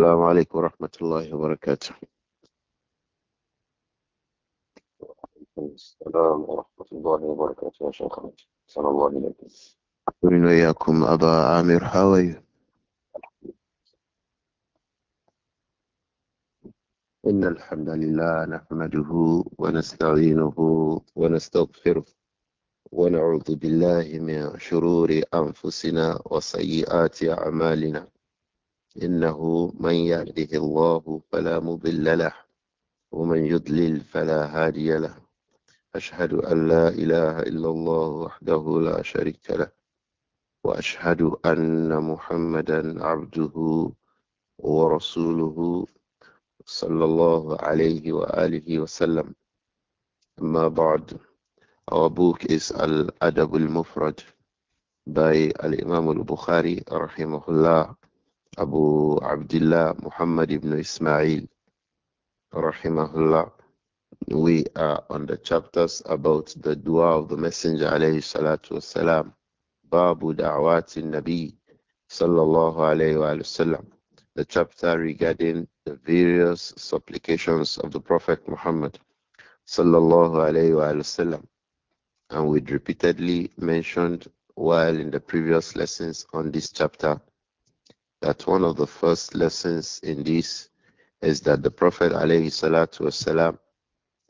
السلام عليكم ورحمة الله وبركاته وعليكم السلام ورحمة الله وبركاته يا شيخ أحسن الله وسلم أهلا وإياكم أبا عامر حاوي إن الحمد لله نحمده ونستعينه ونستغفره ونعوذ بالله من شرور أنفسنا وسيئات أعمالنا إنه من يهده الله فلا مضل له ومن يضلل فلا هادي له أشهد أن لا إله إلا الله وحده لا شريك له وأشهد أن محمدا عبده ورسوله صلى الله عليه وآله وسلم أما بعد Our book is Al-Adab al-Mufrad by Al-Imam al-Bukhari rahimahullah Abu Abdullah Muhammad ibn Ismail, rahimahullah. We are on the chapters about the dua of the Messenger, alayhi salatu wasalam, Babu Da'wati Nabi, sallallahu alayhi wa sallam. The chapter regarding the various supplications of the Prophet Muhammad, sallallahu alayhi wa sallam. And we repeatedly mentioned while in the previous lessons on this chapter that one of the first lessons in this is that the Prophet والسلام,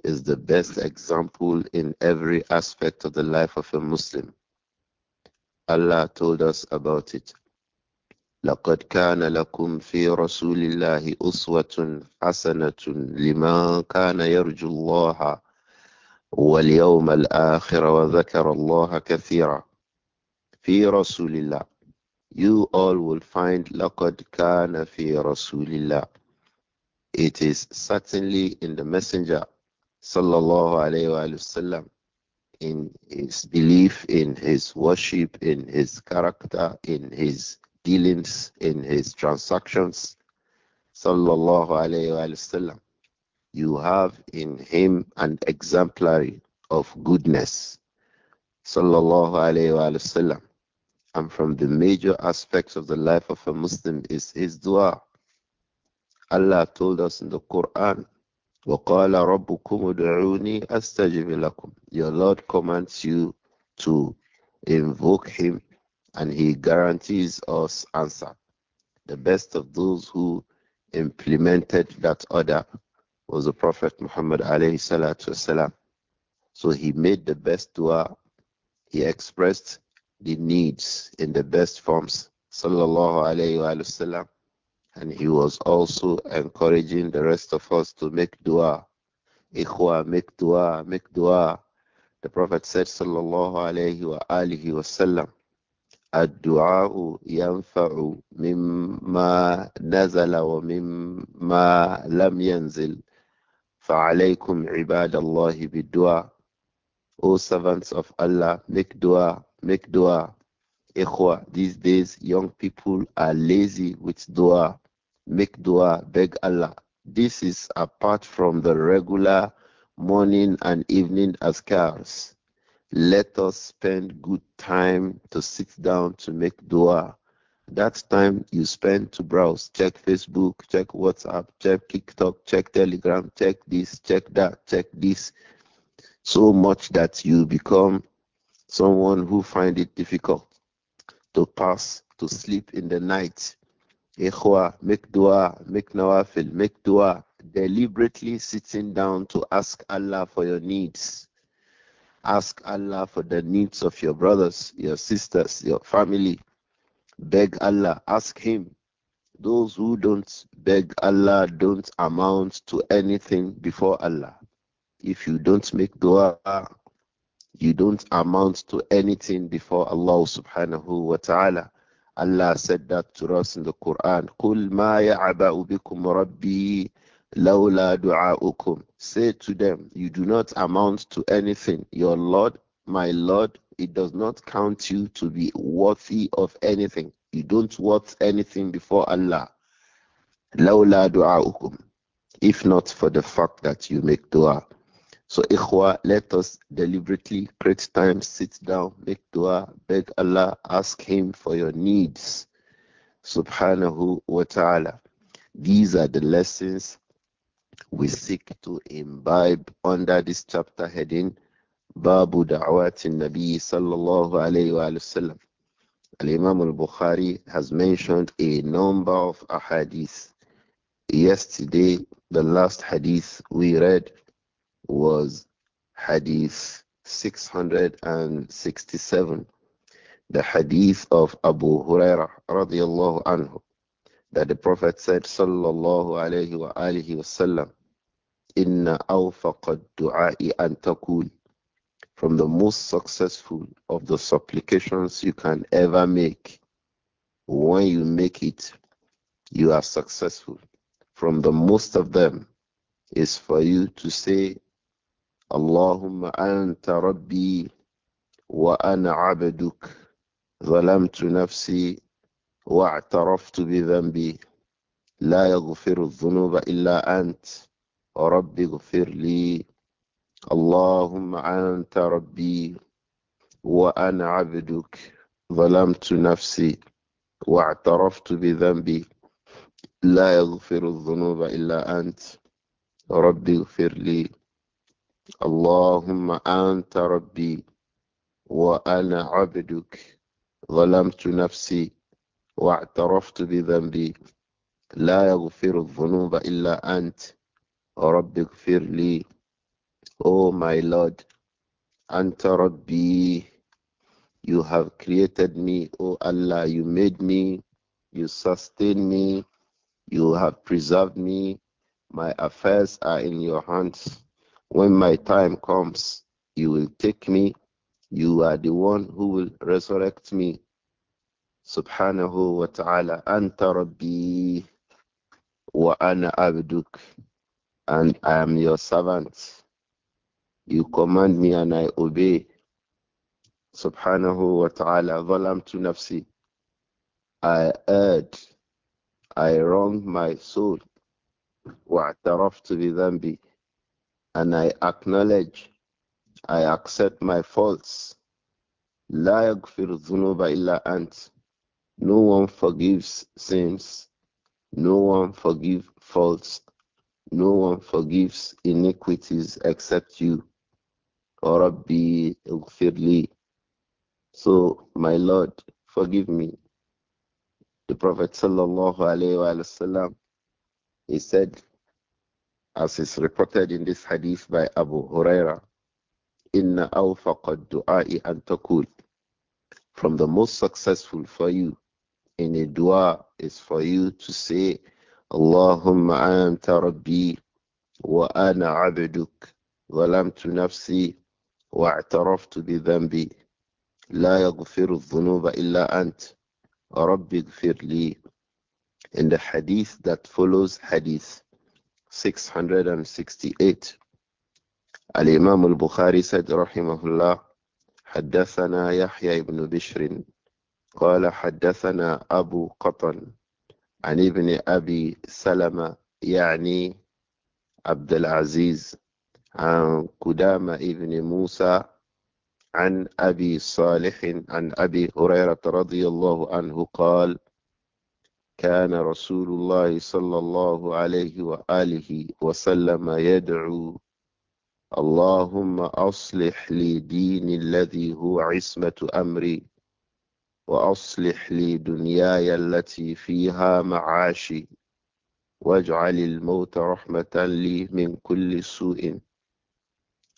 is the best example in every aspect of the life of a Muslim. Allah told us about it. لقد كان لكم في رسول الله أسوة حسنة لمن كان يرجو الله واليوم الآخر وذكر الله كثيرا في رسول الله you all will find لَقَدْ Kana fi رَسُولِ It is certainly in the Messenger sallallahu alayhi wa in his belief, in his worship, in his character, in his dealings, in his transactions, sallallahu alayhi wa You have in him an exemplary of goodness, sallallahu alayhi wa sallam and from the major aspects of the life of a Muslim is his dua. Allah told us in the Quran, وَقَالَ رَبُّكُمُ أَسْتَجِبِ لَكُمْ Your Lord commands you to invoke Him and He guarantees us answer. The best of those who implemented that order was the Prophet Muhammad alayhi salatu wasalam. So he made the best dua. He expressed the needs in the best forms. Sallallahu alayhi wasallam. Wa and he was also encouraging the rest of us to make dua. Ikhwa, make dua, make dua. The Prophet said, Sallallahu alayhi wa alihi wasallam, الدعاء ينفع مما نزل ومما لم ينزل فعليكم عباد الله بالدعاء O servants of Allah, make dua Make dua. Ikhwa, these days young people are lazy with dua. Make dua, beg Allah. This is apart from the regular morning and evening askars. Let us spend good time to sit down to make dua. That time you spend to browse, check Facebook, check WhatsApp, check TikTok, check Telegram, check this, check that, check this. So much that you become Someone who find it difficult to pass, to sleep in the night. Ikhwa, make dua, make nawafil, make dua. Deliberately sitting down to ask Allah for your needs. Ask Allah for the needs of your brothers, your sisters, your family. Beg Allah, ask Him. Those who don't beg Allah don't amount to anything before Allah. If you don't make dua, you don't amount to anything before Allah subhanahu wa ta'ala. Allah said that to us in the Quran. قُلْ مَا يَعْبَأُ بِكُمْ رَبِّي لَوْلَا دُعَاؤُكُمْ Say to them, you do not amount to anything. Your Lord, my Lord, it does not count you to be worthy of anything. You don't worth anything before Allah. لَوْلَا دُعَاؤُكُمْ If not for the fact that you make dua. So, ikhwa, let us deliberately create time, sit down, make dua, beg Allah, ask Him for your needs. Subhanahu wa ta'ala. These are the lessons we seek to imbibe under this chapter heading Babu Da'watin Nabi sallallahu alayhi wa sallam. Al-Imam al-Bukhari has mentioned a number of ahadith. Yesterday, the last hadith we read was Hadith 667, the Hadith of Abu Hurairah radiallahu anhu, that the Prophet said, sallallahu alayhi wa alihi wasallam, inna awfaqad du'a'i an from the most successful of the supplications you can ever make. When you make it, you are successful. From the most of them is for you to say, اللهم أنت ربي وأنا عبدك ظلمت نفسي واعترفت بذنبي لا يغفر الذنوب إلا أنت رب اغفر لي اللهم أنت ربي وأنا عبدك ظلمت نفسي واعترفت بذنبي لا يغفر الذنوب إلا أنت رب اغفر لي اللهم أنت ربي وأنا عبدك ظلمت نفسي واعترفت بذنبي لا يغفر الذنوب إلا أنت رب اغفر لي Oh my Lord أنت ربي You have created me, O oh Allah. You made me, you sustain me, you have preserved me. My affairs are in your hands. When my time comes, you will take me. You are the one who will resurrect me. Subhanahu wa ta'ala. Anta Rabbi wa ana abduk. And I am your servant. You command me and I obey. Subhanahu wa ta'ala. tu nafsi. I erred. I wronged my soul. وَاعْتَرَفْتُ بِذَنْبِي and I acknowledge, I accept my faults. La yaghfiru ant. No one forgives sins. No one forgives faults. No one forgives iniquities except you. Oh so, my Lord, forgive me. The Prophet sallallahu alayhi wasallam, he said, as is reported in this hadith by Abu Huraira, Inna awfaqa du'a'i an taqul. From the most successful for you in a dua is for you to say, Allahumma anta rabbi wa ana abduk wa ataraftu bi بذنبي لا يغفر الذنوب إلا أنت رب اغفر لي In the hadith that follows hadith 668 الإمام البخاري said رحمه الله حدثنا يحيى بن بشر قال حدثنا أبو قطن عن ابن أبي سلمة يعني عبد العزيز عن قدام ابن موسى عن أبي صالح عن أبي هريرة رضي الله عنه قال كان رسول الله صلى الله عليه وآله وسلم يدعو اللهم أصلح لي ديني الذي هو عصمة أمري وأصلح لي دنياي التي فيها معاشي واجعل الموت رحمة لي من كل سوء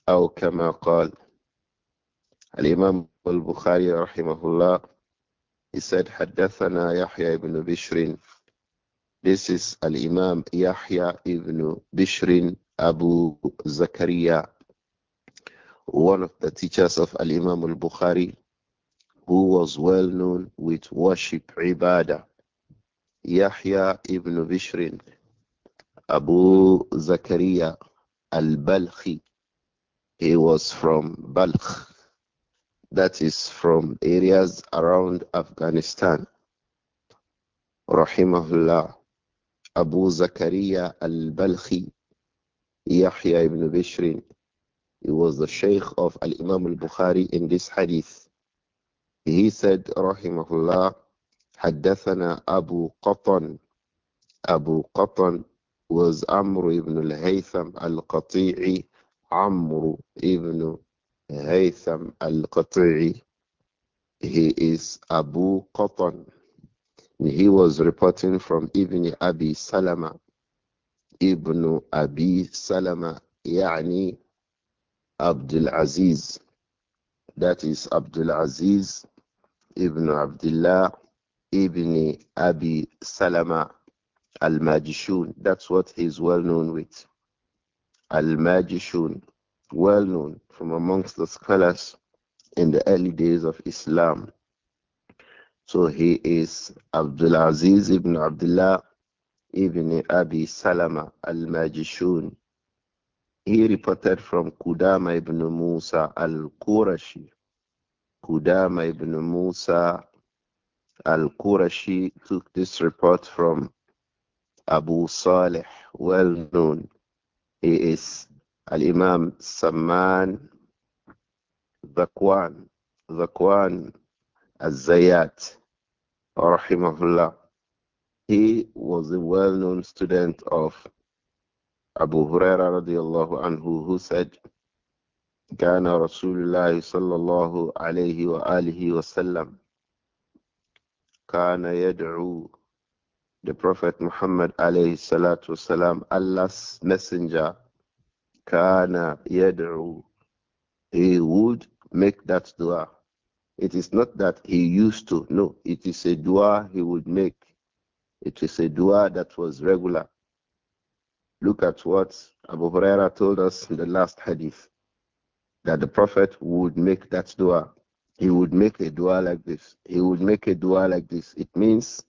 أو كما قال الإمام البخاري رحمه الله He said, Haddathana Yahya ibn Bishrin. This is Al Imam Yahya ibn Bishrin Abu Zakaria, one of the teachers of Al Imam al Bukhari, who was well known with worship ibadah. Yahya ibn Bishrin, Abu Zakaria al Balkhi. He was from Balkh, that is from areas around Afghanistan. Rahimahullah. Abu Zakaria al-Balkhi, Yahya ibn Bishrin. He was the Shaykh of Al-Imam al-Bukhari in this hadith. He said, Rahimahullah, حدثنا Abu قطن Abu قطن was Amr ibn al-Haytham al-Qati'i Amr ibn Haytham al Qati'i. He is Abu Qatan. He was reporting from Ibn Abi Salama. Ibn Abi Salama, يعني Abdul Aziz. That is Abdul Aziz ibn Abdullah ibn Abi Salama al Majishun. That's what he's well known with. Al Majishun well known from amongst the scholars in the early days of Islam. So he is Abdul Aziz ibn Abdullah ibn Abi Salama al Majishun. He reported from Kudama ibn Musa al Qurashi. Kudama ibn Musa al Qurashi took this report from Abu Saleh, well known. He is Al-Imam Saman Zakwan, Zakwan Al-Zayat, rahimahullah. He was a well-known student of Abu Huraira radiallahu anhu who said, كان رسول الله صلى الله عليه وآله وسلم كان يدعو the Prophet Muhammad alayhi salatu wasalam, Allah's messenger Kana yad'u. He would make that dua. It is not that he used to. No, it is a dua he would make. It is a dua that was regular. Look at what Abu Huraira told us in the last hadith that the Prophet would make that dua. He would make a dua like this. He would make a dua like this. It means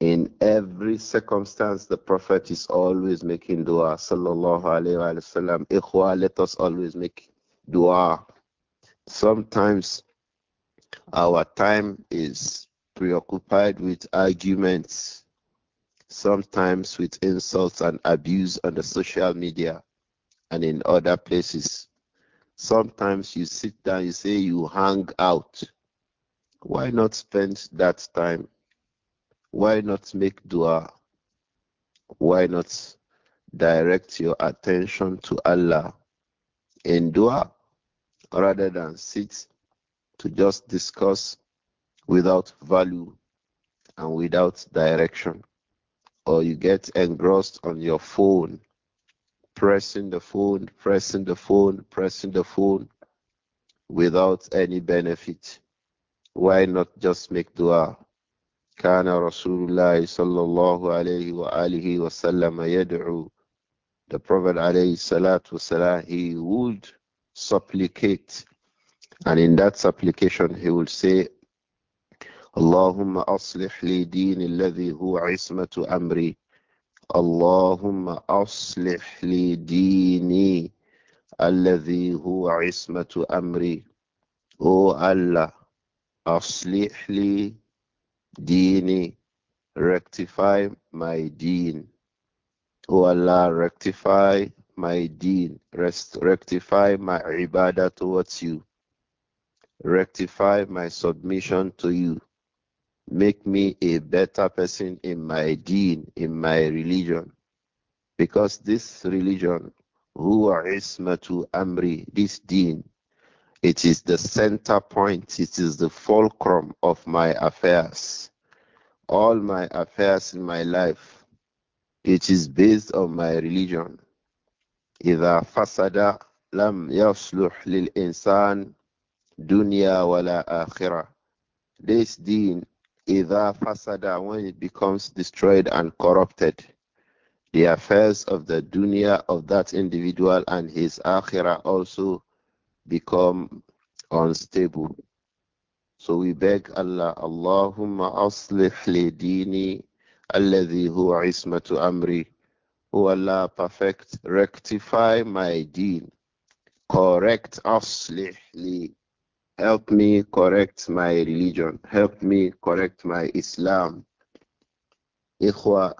in every circumstance, the Prophet is always making dua. Sallallahu alayhi wa sallam. Ikhwa, let us always make dua. Sometimes our time is preoccupied with arguments, sometimes with insults and abuse on the social media and in other places. Sometimes you sit down, you say you hang out. Why not spend that time why not make dua? Why not direct your attention to Allah in dua rather than sit to just discuss without value and without direction? Or you get engrossed on your phone, pressing the phone, pressing the phone, pressing the phone without any benefit. Why not just make dua? كان رسول الله صلى الله عليه وآله وسلم يدعو the Prophet عليه الصلاة والسلام he would supplicate and in that supplication he will say اللهم أصلح لي ديني الذي هو عصمة أمري اللهم أصلح لي ديني الذي هو عصمة أمري O Allah أصلح لي dini, rectify my deen. O Allah, rectify my deen, rest, rectify my ibadah towards you, rectify my submission to you, make me a better person in my deen, in my religion. Because this religion, huwa ismatu amri, this deen, it is the center point, it is the fulcrum of my affairs. All my affairs in my life, it is based on my religion. إذا فسد لم يصلح للإنسان dunya wala akhirah. This deen, idha fasada, when it becomes destroyed and corrupted, the affairs of the dunya of that individual and his akhirah also become unstable. So we beg Allah, Allahumma aslih li dini alladhi huwa ismatu amri. O Allah, perfect, rectify my deen. Correct aslih li. Help me correct my religion. Help me correct my Islam. Ikhwa,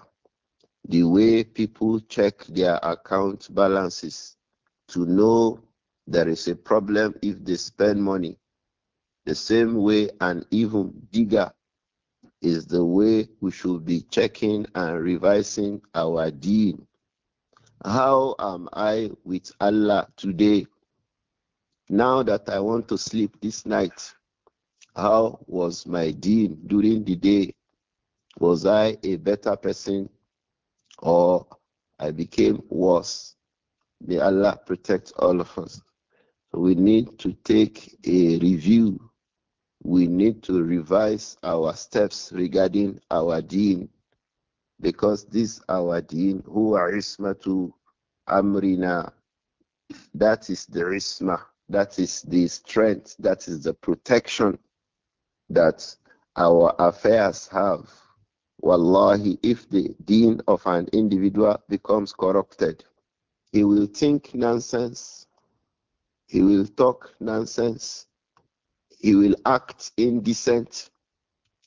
the way people check their account balances to know there is a problem if they spend money. The same way and even bigger is the way we should be checking and revising our deen. How am I with Allah today? Now that I want to sleep this night, how was my deen during the day? Was I a better person or I became worse? May Allah protect all of us we need to take a review. We need to revise our steps regarding our deen because this our deen, huwa ismatu amrina. That is the isma, that is the strength, that is the protection that our affairs have. Wallahi, if the deen of an individual becomes corrupted, he will think nonsense he will talk nonsense. He will act indecent.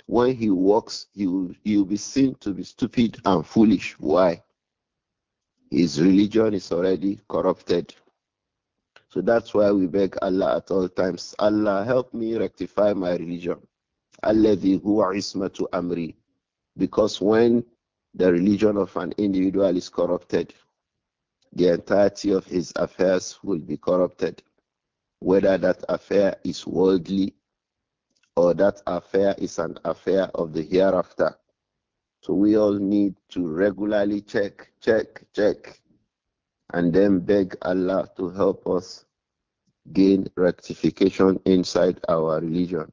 When he walks, he will, he will be seen to be stupid and foolish. Why? His religion is already corrupted. So that's why we beg Allah at all times, Allah help me rectify my religion. Alladhi huwa ismatu amri. Because when the religion of an individual is corrupted, the entirety of his affairs will be corrupted whether that affair is worldly or that affair is an affair of the hereafter. So we all need to regularly check, check, check, and then beg Allah to help us gain rectification inside our religion.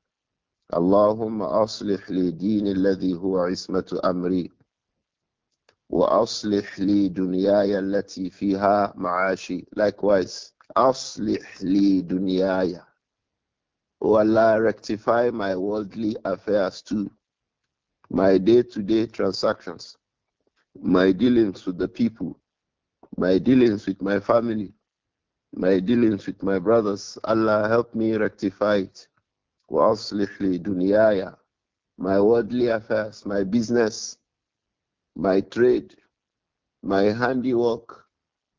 Allahumma اللهم أصلح لي ديني الذي هو u-amri wa aṣlīḥ li-dunyāya التي fīha ma'ashī. likewise Aslih li dunyaya. O Allah, rectify my worldly affairs too, my day to day transactions, my dealings with the people, my dealings with my family, my dealings with my brothers. Allah, help me rectify it. Wa aslih li My worldly affairs, my business, my trade, my handiwork,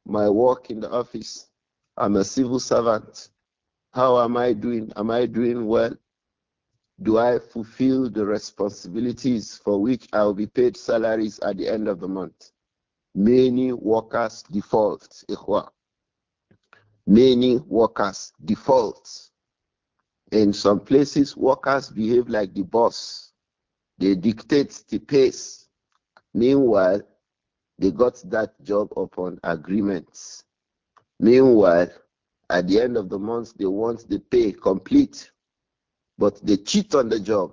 my work in the office, I'm a civil servant. How am I doing? Am I doing well? Do I fulfill the responsibilities for which I will be paid salaries at the end of the month? Many workers default. Many workers default. In some places, workers behave like the boss. They dictate the pace. Meanwhile, they got that job upon agreements. Meanwhile, at the end of the month, they want the pay complete, but they cheat on the job.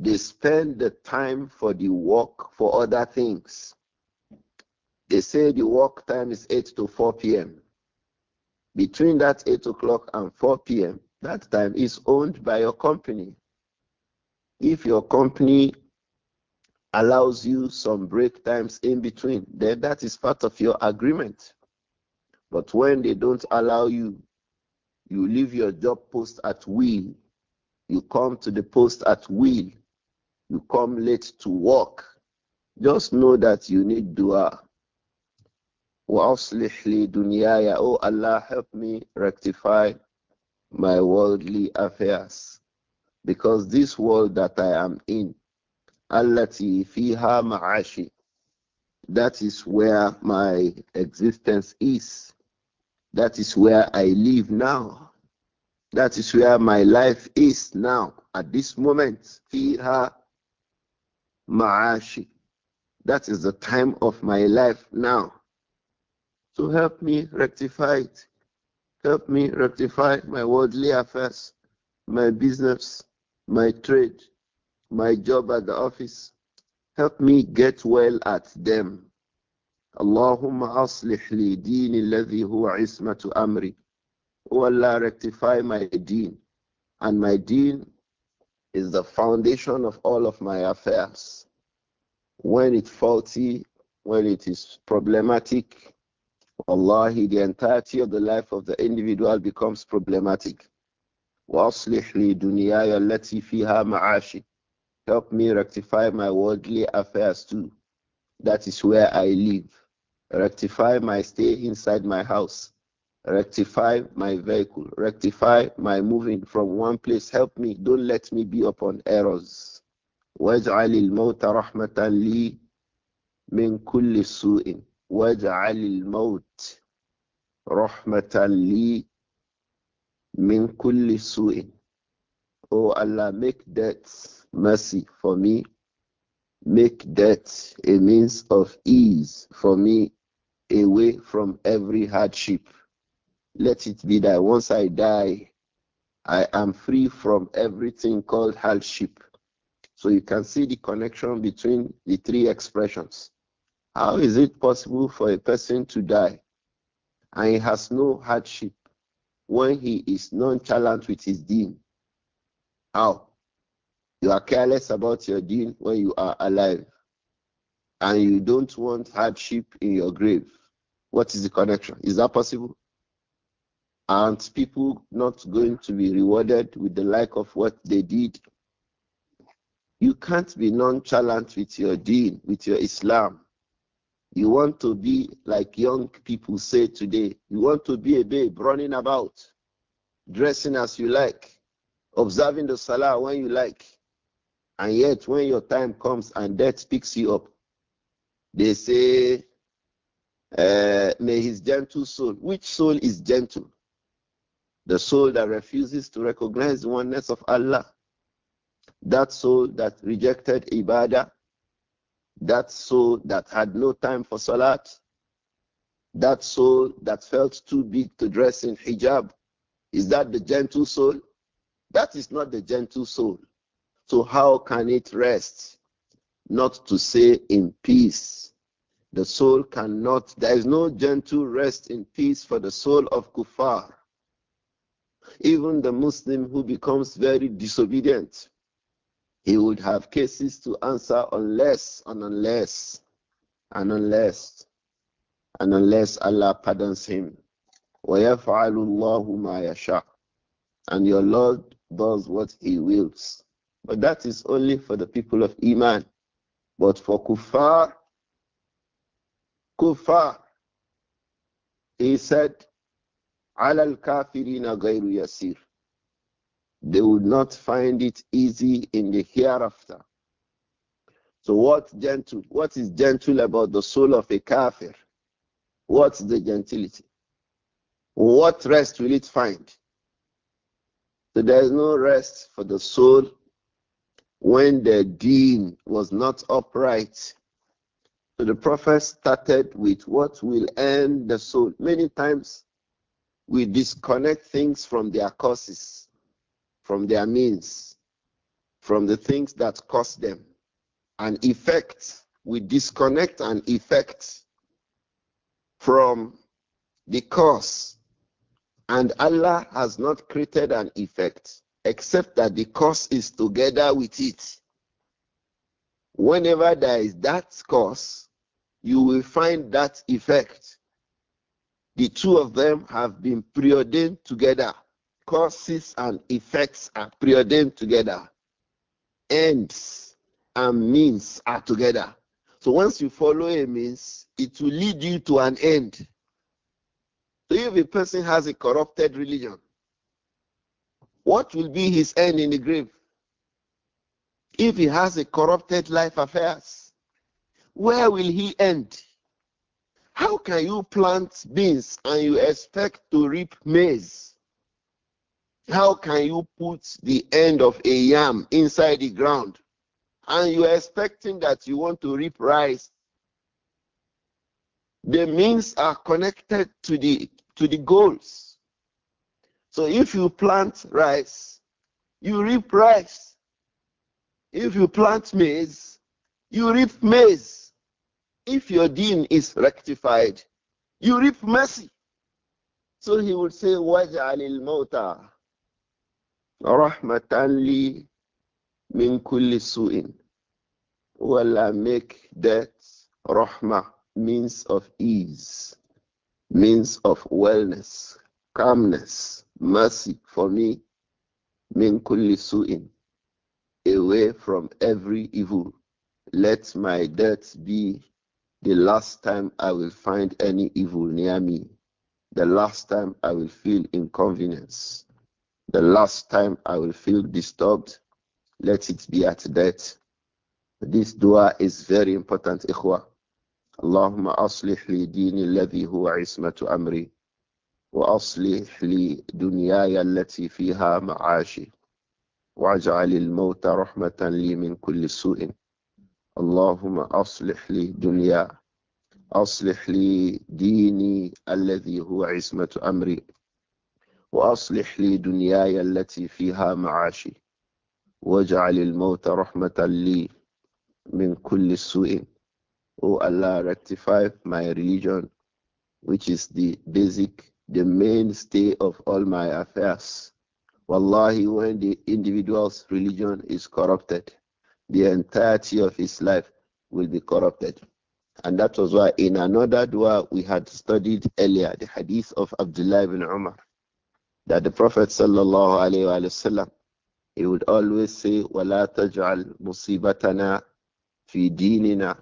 They spend the time for the work for other things. They say the work time is 8 to 4 p.m. Between that 8 o'clock and 4 p.m., that time is owned by your company. If your company allows you some break times in between, then that is part of your agreement. But when they don't allow you, you leave your job post at will. You come to the post at will. You come late to work. Just know that you need dua. وأصلح Oh Allah help me rectify my worldly affairs because this world that I am in التي fiha معاشي that is where my existence is that is where I live now. That is where my life is now, at this moment. Fiha ma'ashi. That is the time of my life now. So help me rectify it. Help me rectify my worldly affairs, my business, my trade, my job at the office. Help me get well at them. اللهم أصلح لي ديني الذي هو عصمة أمري O Allah, rectify my deen. And my deen is the foundation of all of my affairs. When it's faulty, when it is problematic, Wallahi, the entirety of the life of the individual becomes problematic. وَأَصْلِحْ لِي دُنْيَايَ الَّتِي فِيهَا Help me rectify my worldly affairs too. That is where I live rectify my stay inside my house, rectify my vehicle, rectify my moving from one place. Help me, don't let me be upon errors. واجعل الموت رحمة لي من كل سوء واجعل الموت رحمة لي من كل سوء Oh Allah, make death mercy for me. Make death a means of ease for me away from every hardship. Let it be that once I die, I am free from everything called hardship. So you can see the connection between the three expressions. How is it possible for a person to die and he has no hardship when he is nonchalant with his deen? How? You are careless about your deen when you are alive and you don't want hardship in your grave. What is the connection? Is that possible? Aren't people not going to be rewarded with the like of what they did? You can't be nonchalant with your deen, with your Islam. You want to be like young people say today. You want to be a babe running about, dressing as you like, observing the salah when you like. And yet, when your time comes and death picks you up, they say, uh, may his gentle soul. Which soul is gentle? The soul that refuses to recognize the oneness of Allah. That soul that rejected ibadah. That soul that had no time for salat. That soul that felt too big to dress in hijab. Is that the gentle soul? That is not the gentle soul. So how can it rest? not to say in peace. The soul cannot, there is no gentle rest in peace for the soul of kuffar. Even the Muslim who becomes very disobedient, he would have cases to answer unless and unless and unless and unless Allah pardons him. وَيَفْعَلُ اللَّهُ مَا يَشَاءُ And your Lord does what he wills. But that is only for the people of Iman. But for kuffar, kuffar, he said, al kafirina Gairu yasir. They would not find it easy in the hereafter. So what gentle? What is gentle about the soul of a kafir? What's the gentility? What rest will it find? So there is no rest for the soul when the deen was not upright. So the Prophet started with what will end the soul. Many times we disconnect things from their causes, from their means, from the things that cause them. An effect, we disconnect an effect from the cause. And Allah has not created an effect except that the cause is together with it. Whenever there is that cause, you will find that effect. The two of them have been preordained together. Causes and effects are preordained together. Ends and means are together. So once you follow a means, it will lead you to an end. So if a person has a corrupted religion, what will be his end in the grave? If he has a corrupted life affairs, where will he end? How can you plant beans and you expect to reap maize? How can you put the end of a yam inside the ground and you're expecting that you want to reap rice? The means are connected to the to the goals. So if you plant rice, you reap rice. If you plant maize, you reap maize. If your deen is rectified, you reap mercy. So he would say, وَجْعَلِ الْمَوْتَى Rahmatan li min kulli سُوءٍ Walla make death rahmah, means of ease, means of wellness, calmness mercy for me min kulli su'in away from every evil let my death be the last time i will find any evil near me the last time i will feel inconvenience the last time i will feel disturbed let it be at death this dua is very important ikhwa اللهم أصلح لي ديني الذي هو عصمة أمري وأصلح لي دنياي التي فيها معاشي واجعل الموت رحمة لي من كل سوء اللهم أصلح لي دنيا أصلح لي ديني الذي هو عصمة أمري وأصلح لي دنياي التي فيها معاشي واجعل الموت رحمة لي من كل سوء Oh Allah rectify my religion which is the basic the mainstay of all my affairs. Wallahi, when the individual's religion is corrupted, the entirety of his life will be corrupted. And that was why in another dua we had studied earlier, the hadith of Abdullah ibn Umar, that the Prophet sallallahu alayhi wa sallam, he would always say, وَلَا تَجْعَلْ مُصِيبَتَنَا فِي دِينِنَا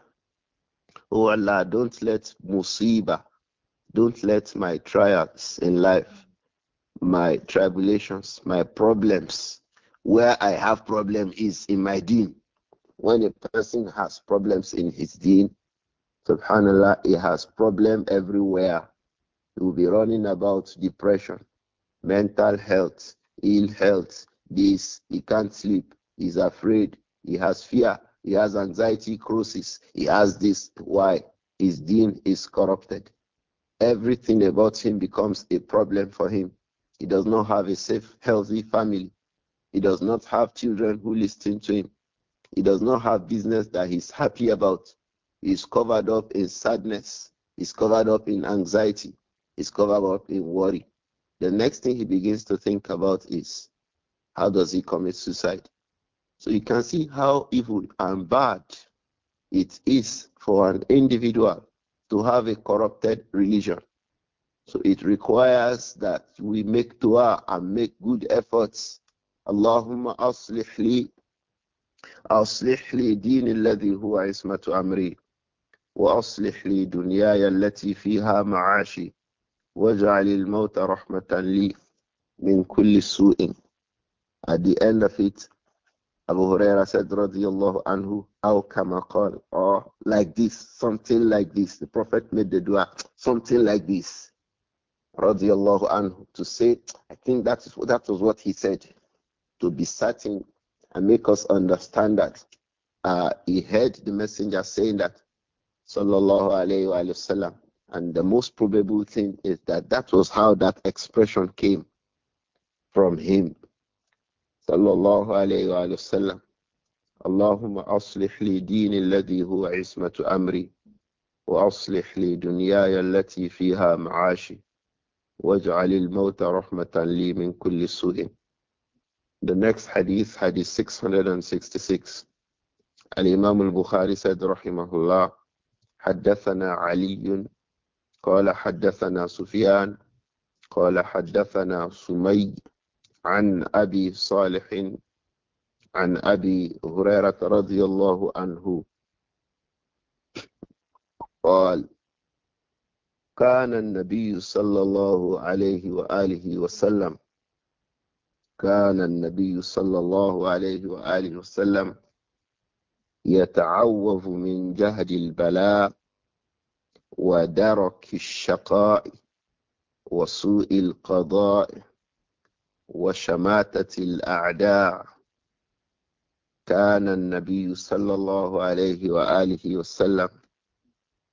Oh Allah, don't let musibah, don't let my trials in life, my tribulations, my problems, where I have problem is in my deen. When a person has problems in his deen, subhanallah, he has problem everywhere. He will be running about depression, mental health, ill health, this, he can't sleep, he's afraid, he has fear, he has anxiety crisis, he has this. Why? His deen is corrupted everything about him becomes a problem for him. He does not have a safe, healthy family. He does not have children who listen to him. He does not have business that he's happy about. He's covered up in sadness. He's covered up in anxiety. He's covered up in worry. The next thing he begins to think about is how does he commit suicide? So you can see how evil and bad it is for an individual to have a corrupted religion. So it requires that we make dua and make good efforts. Allahumma aslih aslihli aslih li alladhi huwa ismatu amri wa aslihli dunyaya allati fiha ma'ashi waj'al al-maut rahmatan li min kulli su'in. At the end of it, Abu Huraira said radiyallahu anhu how kamakal or like this, something like this. The Prophet made the dua, something like this. Radiallahu anhu to say, I think that is that was what he said. To be certain and make us understand that uh, he heard the messenger saying that sallallahu alayhi wa, sallam, and the most probable thing is that that was how that expression came from him sallallahu alayhi wa sallam اللهم أصلح لي ديني الذي هو عصمة أمري وأصلح لي دنياي التي فيها معاشي واجعل الموت رحمة لي من كل سوء The next hadith, hadith 666 الإمام البخاري سيد رحمه الله حدثنا علي قال حدثنا سفيان قال حدثنا سمي عن أبي صالح عن أبي هريرة رضي الله عنه قال كان النبي صلى الله عليه وآله وسلم كان النبي صلى الله عليه وآله وسلم يتعوف من جهد البلاء ودرك الشقاء وسوء القضاء وشماتة الأعداء كان النبي صلى الله عليه وآله وسلم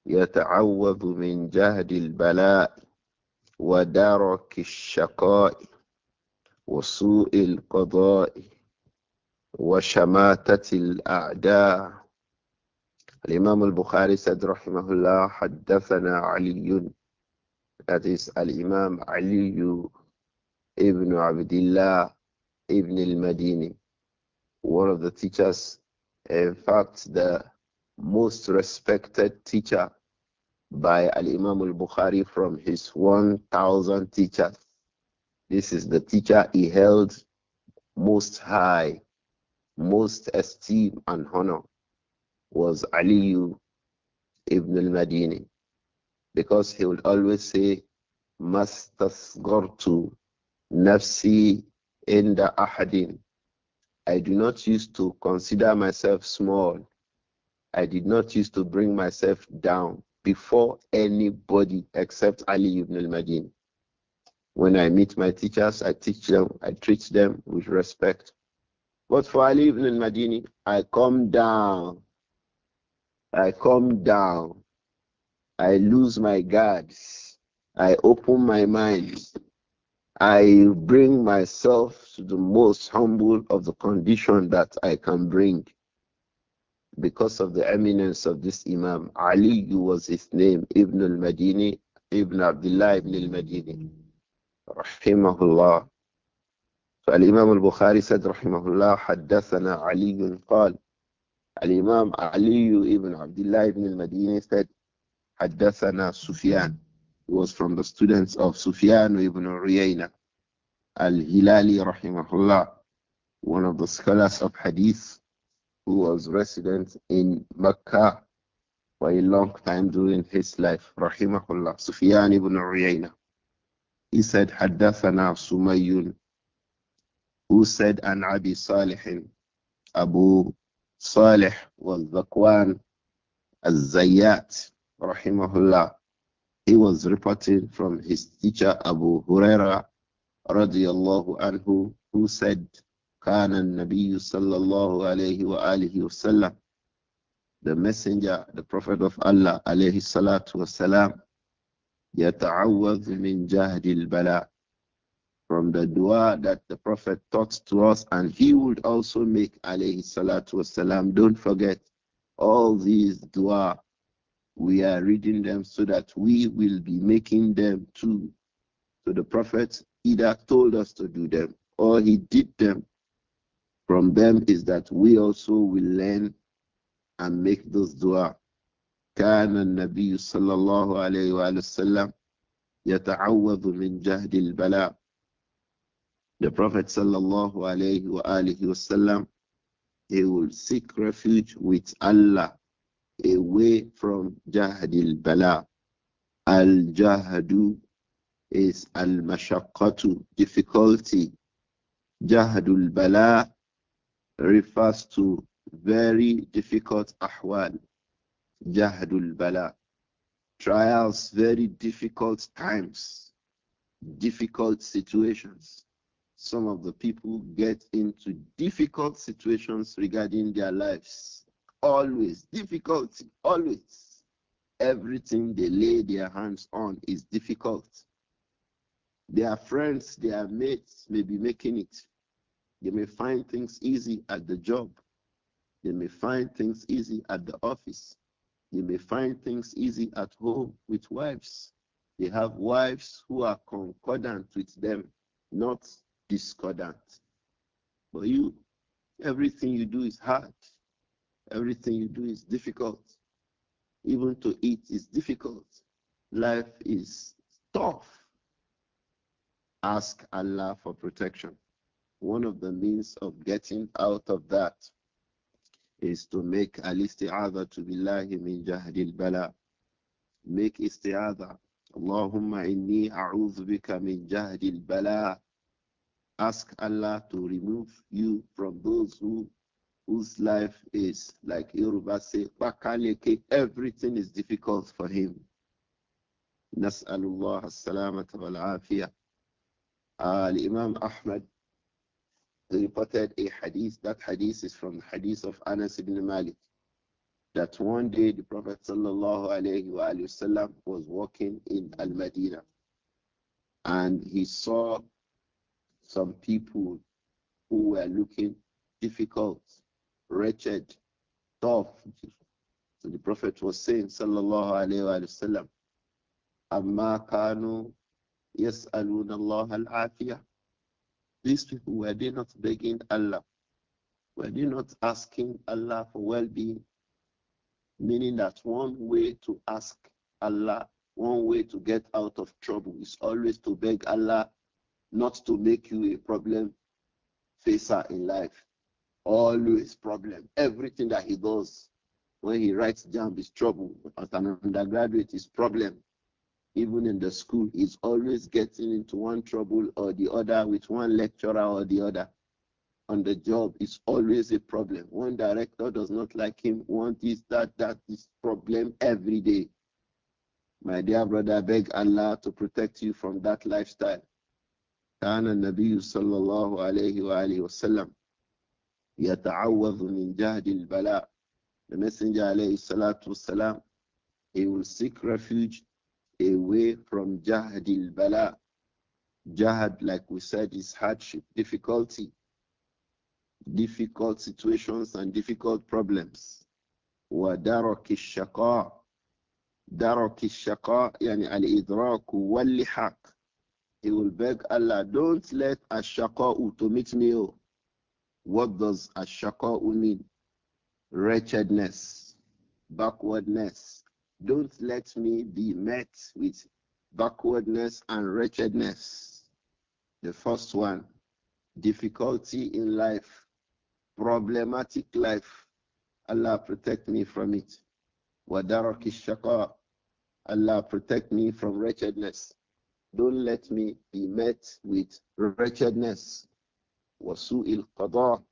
يتعوذ من جهد البلاء ودرك الشقاء وسوء القضاء وشماتة الأعداء الإمام البخاري سيد رحمه الله حدثنا علي أتيس الإمام علي ابن عبد الله ابن المديني one of the teachers, in fact, the most respected teacher by Al Imam al Bukhari from his 1,000 teachers. This is the teacher he held most high, most esteem and honor was Ali ibn al Madini because he would always say, Mastasgortu nafsi inda ahadin I do not used to consider myself small. I did not used to bring myself down before anybody except Ali ibn al-Madini. When I meet my teachers, I teach them, I treat them with respect. But for Ali ibn al-Madini, I come down. I come down. I lose my guards. I open my mind. I bring myself to the most humble of the condition that I can bring. Because of the eminence of this Imam, Ali was his name, Ibn al-Madini, Ibn Abdullah Ibn al-Madini, rahimahullah. Al Bukhari said Rahimahullah, الله حدثنا علي قال Imam Ali Ibn Abdullah Ibn Al Madini said حدثنا سفيان was from the students of Sufyan ibn Uyayna al-Hilali rahimahullah, one of the scholars of hadith who was resident in Mecca for a long time during his life, rahimahullah, Sufyan ibn Uyayna. He said, حدثنا سمي who said an Abi Salih, Abu Salih was Zakwan al-Zayyat, rahimahullah he was reporting from his teacher Abu Huraira radiyallahu anhu who said كان النبي صلى الله عليه وآله وسلم the messenger the prophet of Allah عليه الصلاة والسلام يتعوذ من جهد البلاء from the dua that the prophet taught to us and he would also make عليه wa salam. don't forget all these dua we are reading them so that we will be making them too. So the Prophet either told us to do them or he did them. From them is that we also will learn and make those dua. كان النبي صلى الله عليه وآله وسلم يتعوذ من جهد البلاء the Prophet sallallahu alayhi wa Alayhi wasallam, he will seek refuge with Allah away from Jahadil Bala. Al Jahadu is Al Mashakatu, difficulty. Jahadul Bala refers to very difficult ahwal. Jahadul Bala. Trials, very difficult times, difficult situations. Some of the people get into difficult situations regarding their lives Always difficulty, always. Everything they lay their hands on is difficult. Their friends, their mates may be making it. They may find things easy at the job. They may find things easy at the office. They may find things easy at home with wives. They have wives who are concordant with them, not discordant. But you, everything you do is hard. Everything you do is difficult. Even to eat is difficult. Life is tough. Ask Allah for protection. One of the means of getting out of that is to make al-isti'adha to billahi min jahdil bala. Make isti'adha. Allahumma inni a'udhu bika min jahdil bala. Ask Allah to remove you from those who whose life is, like Yoruba say, everything is difficult for him. نسأل الله السلامة والعافية. Uh, Imam Ahmad reported a hadith. That hadith is from the hadith of Anas ibn Malik. That one day the Prophet sallallahu alaihi sallam was walking in Al Madinah, and he saw some people who were looking difficult wretched, tough. So the Prophet was saying, Sallallahu Alaihi Wasallam, Amma kanu yas'alun Allah al-afiyah. These people, were they not begging Allah? Were they not asking Allah for well-being? Meaning that one way to ask Allah, one way to get out of trouble is always to beg Allah not to make you a problem facer in life. Always problem. Everything that he does, when he writes down is trouble. As an undergraduate, is problem. Even in the school, he's always getting into one trouble or the other with one lecturer or the other. On the job is always a problem. One director does not like him, one this, that, that is problem every day. My dear brother, I beg Allah to protect you from that lifestyle. كان النبي صلى الله عليه وآله وسلم يتعوذ من جهد البلاء. The Messenger عليه الصلاة والسلام he will seek refuge away from جهد البلاء جهد like we said, is hardship, difficulty, difficult situations and difficult problems. ودرك الشقاء درك الشقاء يعني الإدراك واللحاق He will beg Allah, don't let الشقاء to meet me. What does ashaka'u mean? Wretchedness, backwardness. Don't let me be met with backwardness and wretchedness. The first one, difficulty in life, problematic life. Allah protect me from it. Wadaraki shaqa. Allah protect me from wretchedness. Don't let me be met with wretchedness. وَسُوءِ الْقَضَاءِ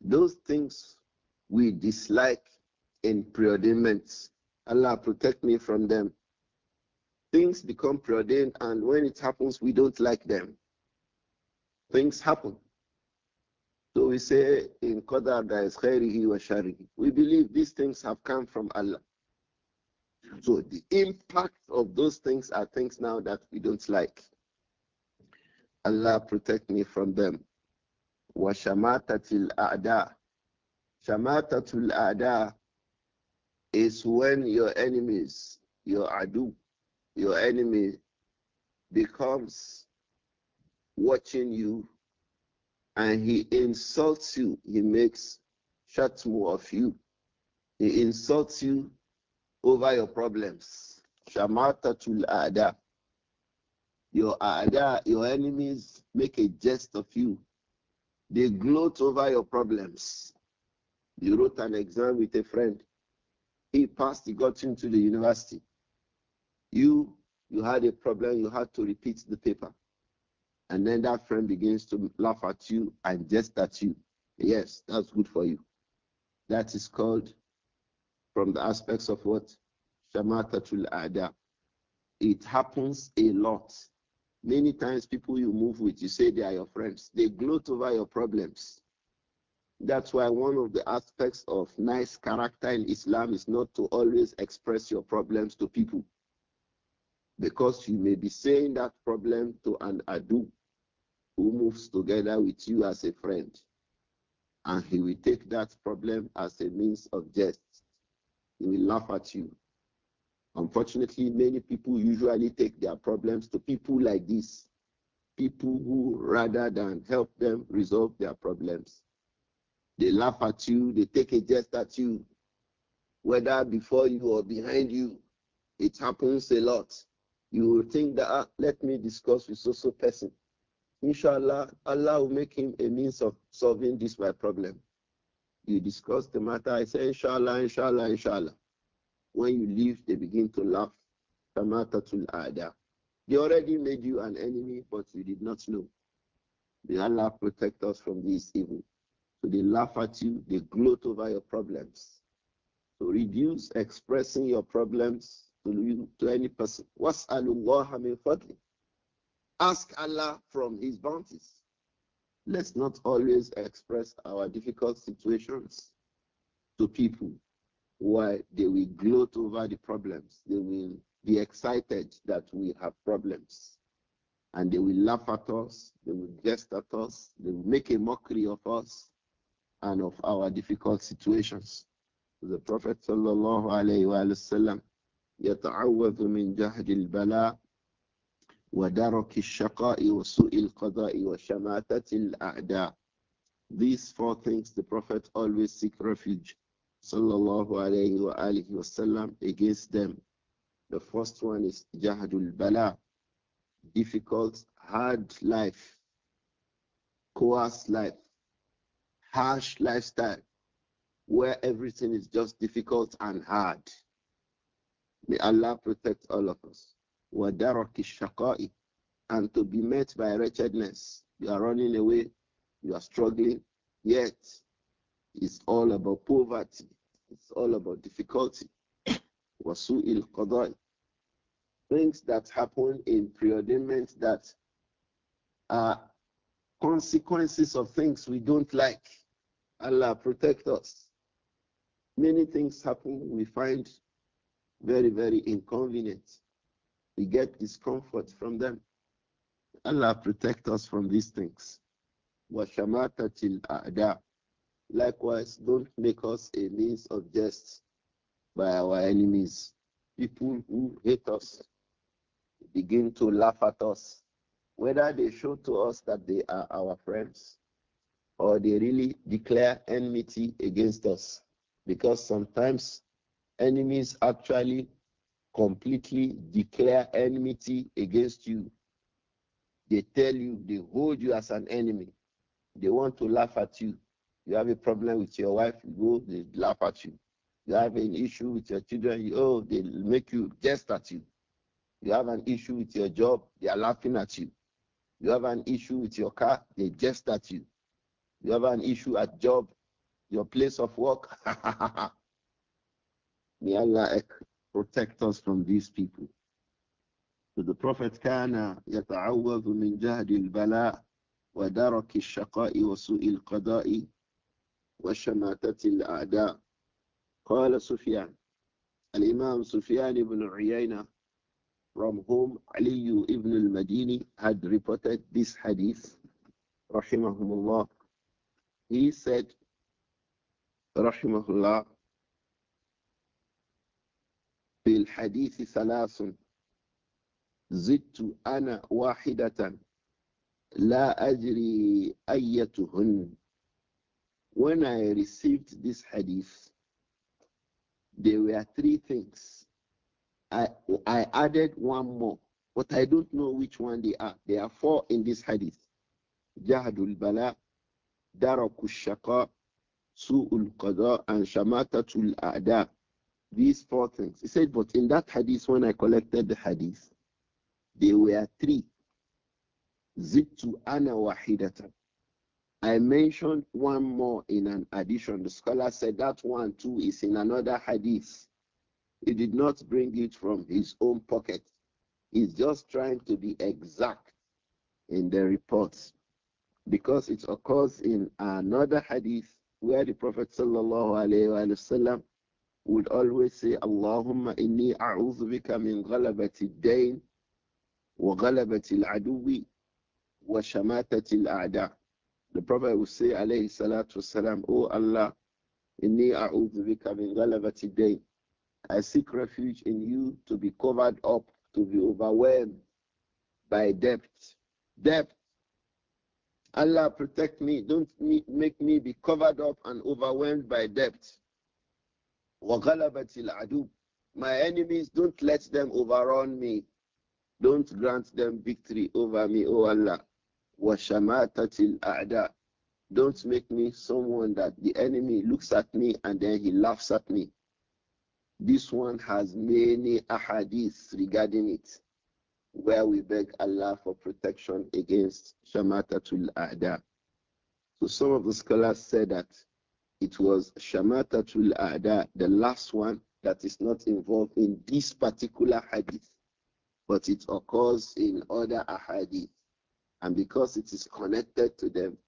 Those things we dislike in preordainments. Allah protect me from them. Things become preordained, and when it happens, we don't like them. Things happen. So we say in Qadar there is khairihi wa sharihi. We believe these things have come from Allah. So the impact of those things are things now that we don't like. Allah protect me from them. وَشَمَاتَةِ Shamata Shamatatul Ada is when your enemies, your adu, your enemy becomes watching you and he insults you. He makes shatmu of you. He insults you over your problems. Shamatatul Ada. Your Ada, your enemies make a jest of you they gloat over your problems. You wrote an exam with a friend. He passed, he got into the university. You, you had a problem, you had to repeat the paper. And then that friend begins to laugh at you and jest at you. Yes, that's good for you. That is called from the aspects of what? Shamatatul Ada. It happens a lot. Many times, people you move with, you say they are your friends. They gloat over your problems. That's why one of the aspects of nice character in Islam is not to always express your problems to people. Because you may be saying that problem to an adu who moves together with you as a friend. And he will take that problem as a means of jest. He will laugh at you. Unfortunately, many people usually take their problems to people like this people who, rather than help them resolve their problems, they laugh at you, they take a jest at you, whether before you or behind you. It happens a lot. You will think that, ah, let me discuss with so so person. Inshallah, Allah will make him a means of solving this my problem. You discuss the matter. I say, Inshallah, Inshallah, Inshallah. When you leave, they begin to laugh. They already made you an enemy, but you did not know. May Allah protect us from this evil. So they laugh at you, they gloat over your problems. So reduce expressing your problems to, you, to any person. What's min fadli. Ask Allah from His bounties. Let's not always express our difficult situations to people why they will gloat over the problems. They will be excited that we have problems. And they will laugh at us, they will jest at us, they will make a mockery of us and of our difficult situations. The Prophet sallallahu alayhi wasallam يتعوذ من جهد البلاء ودرك الشقاء وسوء القضاء وشماتة الأعداء. These four things the Prophet always seek refuge sallallahu alayhi wa alihi wasallam against them. The first one is Jahadul Bala, difficult, hard life, coarse life, harsh lifestyle, where everything is just difficult and hard. May Allah protect all of us. Wadaraki shaka'i, and to be met by wretchedness. You are running away, you are struggling, yet it's all about poverty. It's all about difficulty. Wasu'il qadai. Things that happen in preordainment that are consequences of things we don't like. Allah protect us. Many things happen we find very, very inconvenient. We get discomfort from them. Allah protect us from these things. وَشَمَاتَةِ الْأَعْدَاءِ Likewise, don't make us a means of jest by our enemies. People who hate us begin to laugh at us, whether they show to us that they are our friends or they really declare enmity against us. Because sometimes enemies actually completely declare enmity against you. They tell you, they hold you as an enemy. They want to laugh at you. You have a problem with your wife, you go, they laugh at you. You have an issue with your children, you, oh, they make you jest at you. You have an issue with your job, they are laughing at you. You have an issue with your car, they jest at you. You have an issue at job, your place of work. May Allah protect us from these people. So the Prophet كان يتعوذ من جهد البلاء ودرك الشقاء وسوء القضاء وشماتة الأعداء قال سفيان الإمام سفيان بن عيينة from whom Ali ibn al-Madini had reported this hadith rahimahumullah he said rahimahullah في الحديث ثلاث زدت أنا واحدة لا أدري أيتهن when I received this hadith, there were three things. I, I added one more, but I don't know which one they are. There are four in this hadith. Jahadul Bala, Darakul Shaqa, Su'ul Qada, and Shamatatul A'da. These four things. He said, but in that hadith, when I collected the hadith, there were three. Zittu ana wahidatan. I mentioned one more in an addition. The scholar said that one too is in another hadith. He did not bring it from his own pocket. He's just trying to be exact in the reports because it occurs in another hadith where the Prophet would always say, Allahumma inni a'udhu bika min ghalabati dain wa ghalabati al-aduwi wa shamatati al-a'da. The Prophet will say, alayhi salatu salam. O oh Allah, inni a'udhu bika min ghalabati day. I seek refuge in you to be covered up, to be overwhelmed by debt. Debt. Allah protect me. Don't make me be covered up and overwhelmed by debt. My enemies, don't let them overrun me. Don't grant them victory over me, O Allah. وَشَمَاتَةِ الْأَعْدَاءِ Don't make me someone that the enemy looks at me and then he laughs at me. This one has many ahadith regarding it, where we beg Allah for protection against Shamatatul A'da. So some of the scholars said that it was Shamatatul A'da, the last one that is not involved in this particular hadith, but it occurs in other ahadith. And because it is connected to them,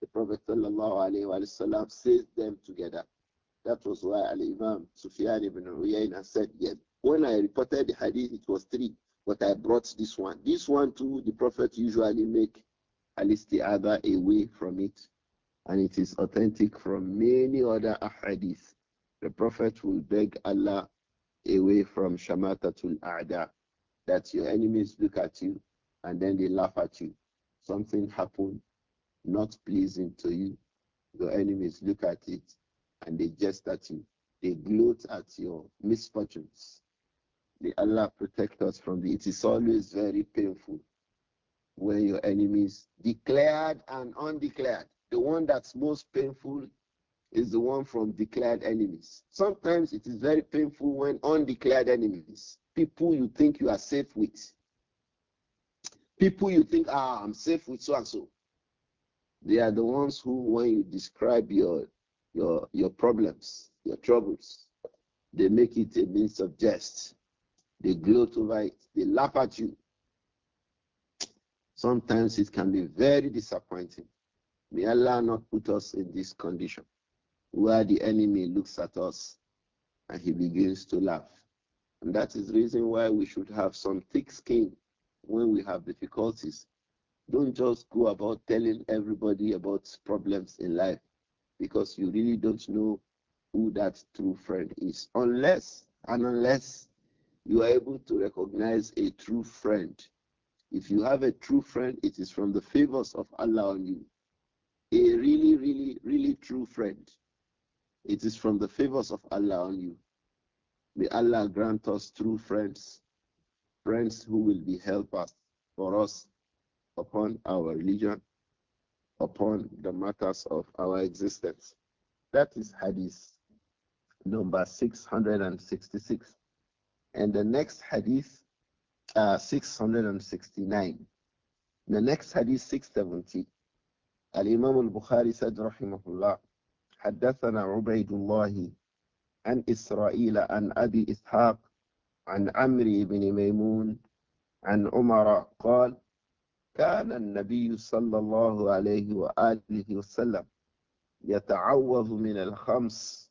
the Prophet وسلم, says them together. That was why Al Imam Sufyan ibn Uyayna said, Yes, when I reported the hadith, it was three, but I brought this one. This one too, the Prophet usually make at least the other away from it, and it is authentic from many other ahadith. The Prophet will beg Allah away from Shamatatul A'da, that your enemies look at you and then they laugh at you. Something happened not pleasing to you. Your enemies look at it and they jest at you. They gloat at your misfortunes. May Allah protect us from the. It is always very painful when your enemies declared and undeclared. The one that's most painful is the one from declared enemies. Sometimes it is very painful when undeclared enemies, people you think you are safe with, People you think, ah, I'm safe with so and so. They are the ones who, when you describe your your your problems, your troubles, they make it a means of jest. They gloat over it. They laugh at you. Sometimes it can be very disappointing. May Allah not put us in this condition where the enemy looks at us and he begins to laugh. And that is the reason why we should have some thick skin when we have difficulties. Don't just go about telling everybody about problems in life because you really don't know who that true friend is. Unless and unless you are able to recognize a true friend. If you have a true friend, it is from the favors of Allah on you. A really, really, really true friend. It is from the favors of Allah on you. May Allah grant us true friends friends who will be helpers for us upon our religion, upon the matters of our existence. That is hadith number 666. And the next hadith, uh, 669. The next hadith, 670. الإمام البخاري سد رحمه الله حدثنا عبيد الله عن إسرائيل عن أبي إسحاق عن عمرو بن ميمون عن عمر قال كان النبي صلى الله عليه وآله وسلم يتعوذ من الخمس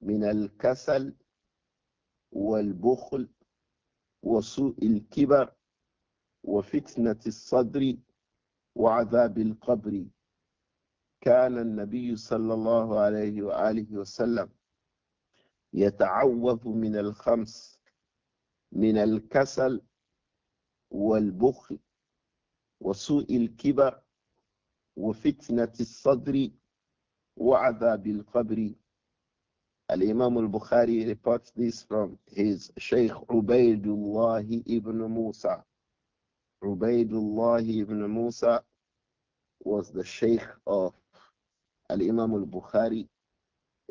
من الكسل والبخل وسوء الكبر وفتنة الصدر وعذاب القبر كان النبي صلى الله عليه وآله وسلم يتعوذ من الخمس من الكسل والبخل وسوء الكبر وفتنة الصدر وعذاب القبر الإمام البخاري reports this from his Sheikh Ubaidullah ibn Musa Ubaidullah ibn Musa was the Sheikh of Al-Imam al-Bukhari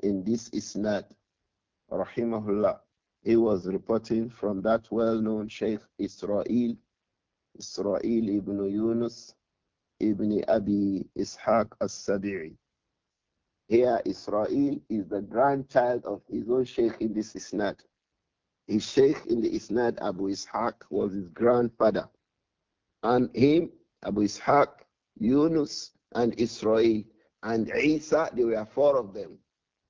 in this isnad rahimahullah He was reporting from that well-known Sheikh Israel, Israel ibn Yunus ibn Abi Ishaq as-Sabi'i. Here, Israel is the grandchild of his own Sheikh in this Isnad. His Sheikh in the Isnad, Abu Ishaq, was his grandfather. And him, Abu Ishaq, Yunus, and Israel, and Isa, they were four of them.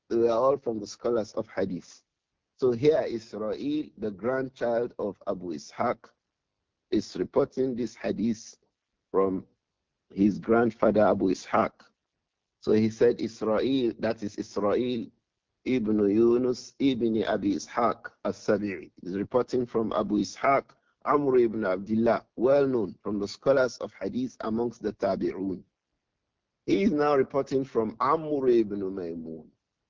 They were all from the scholars of Hadith. So here Israel, the grandchild of Abu Ishaq, is reporting this hadith from his grandfather Abu Ishaq. So he said, Israel, that is Israel ibn Yunus ibn Abi Ishaq as Sabiri, is reporting from Abu Ishaq, Amr ibn Abdullah, well known from the scholars of hadith amongst the Tabi'un. He is now reporting from Amr ibn Maymun.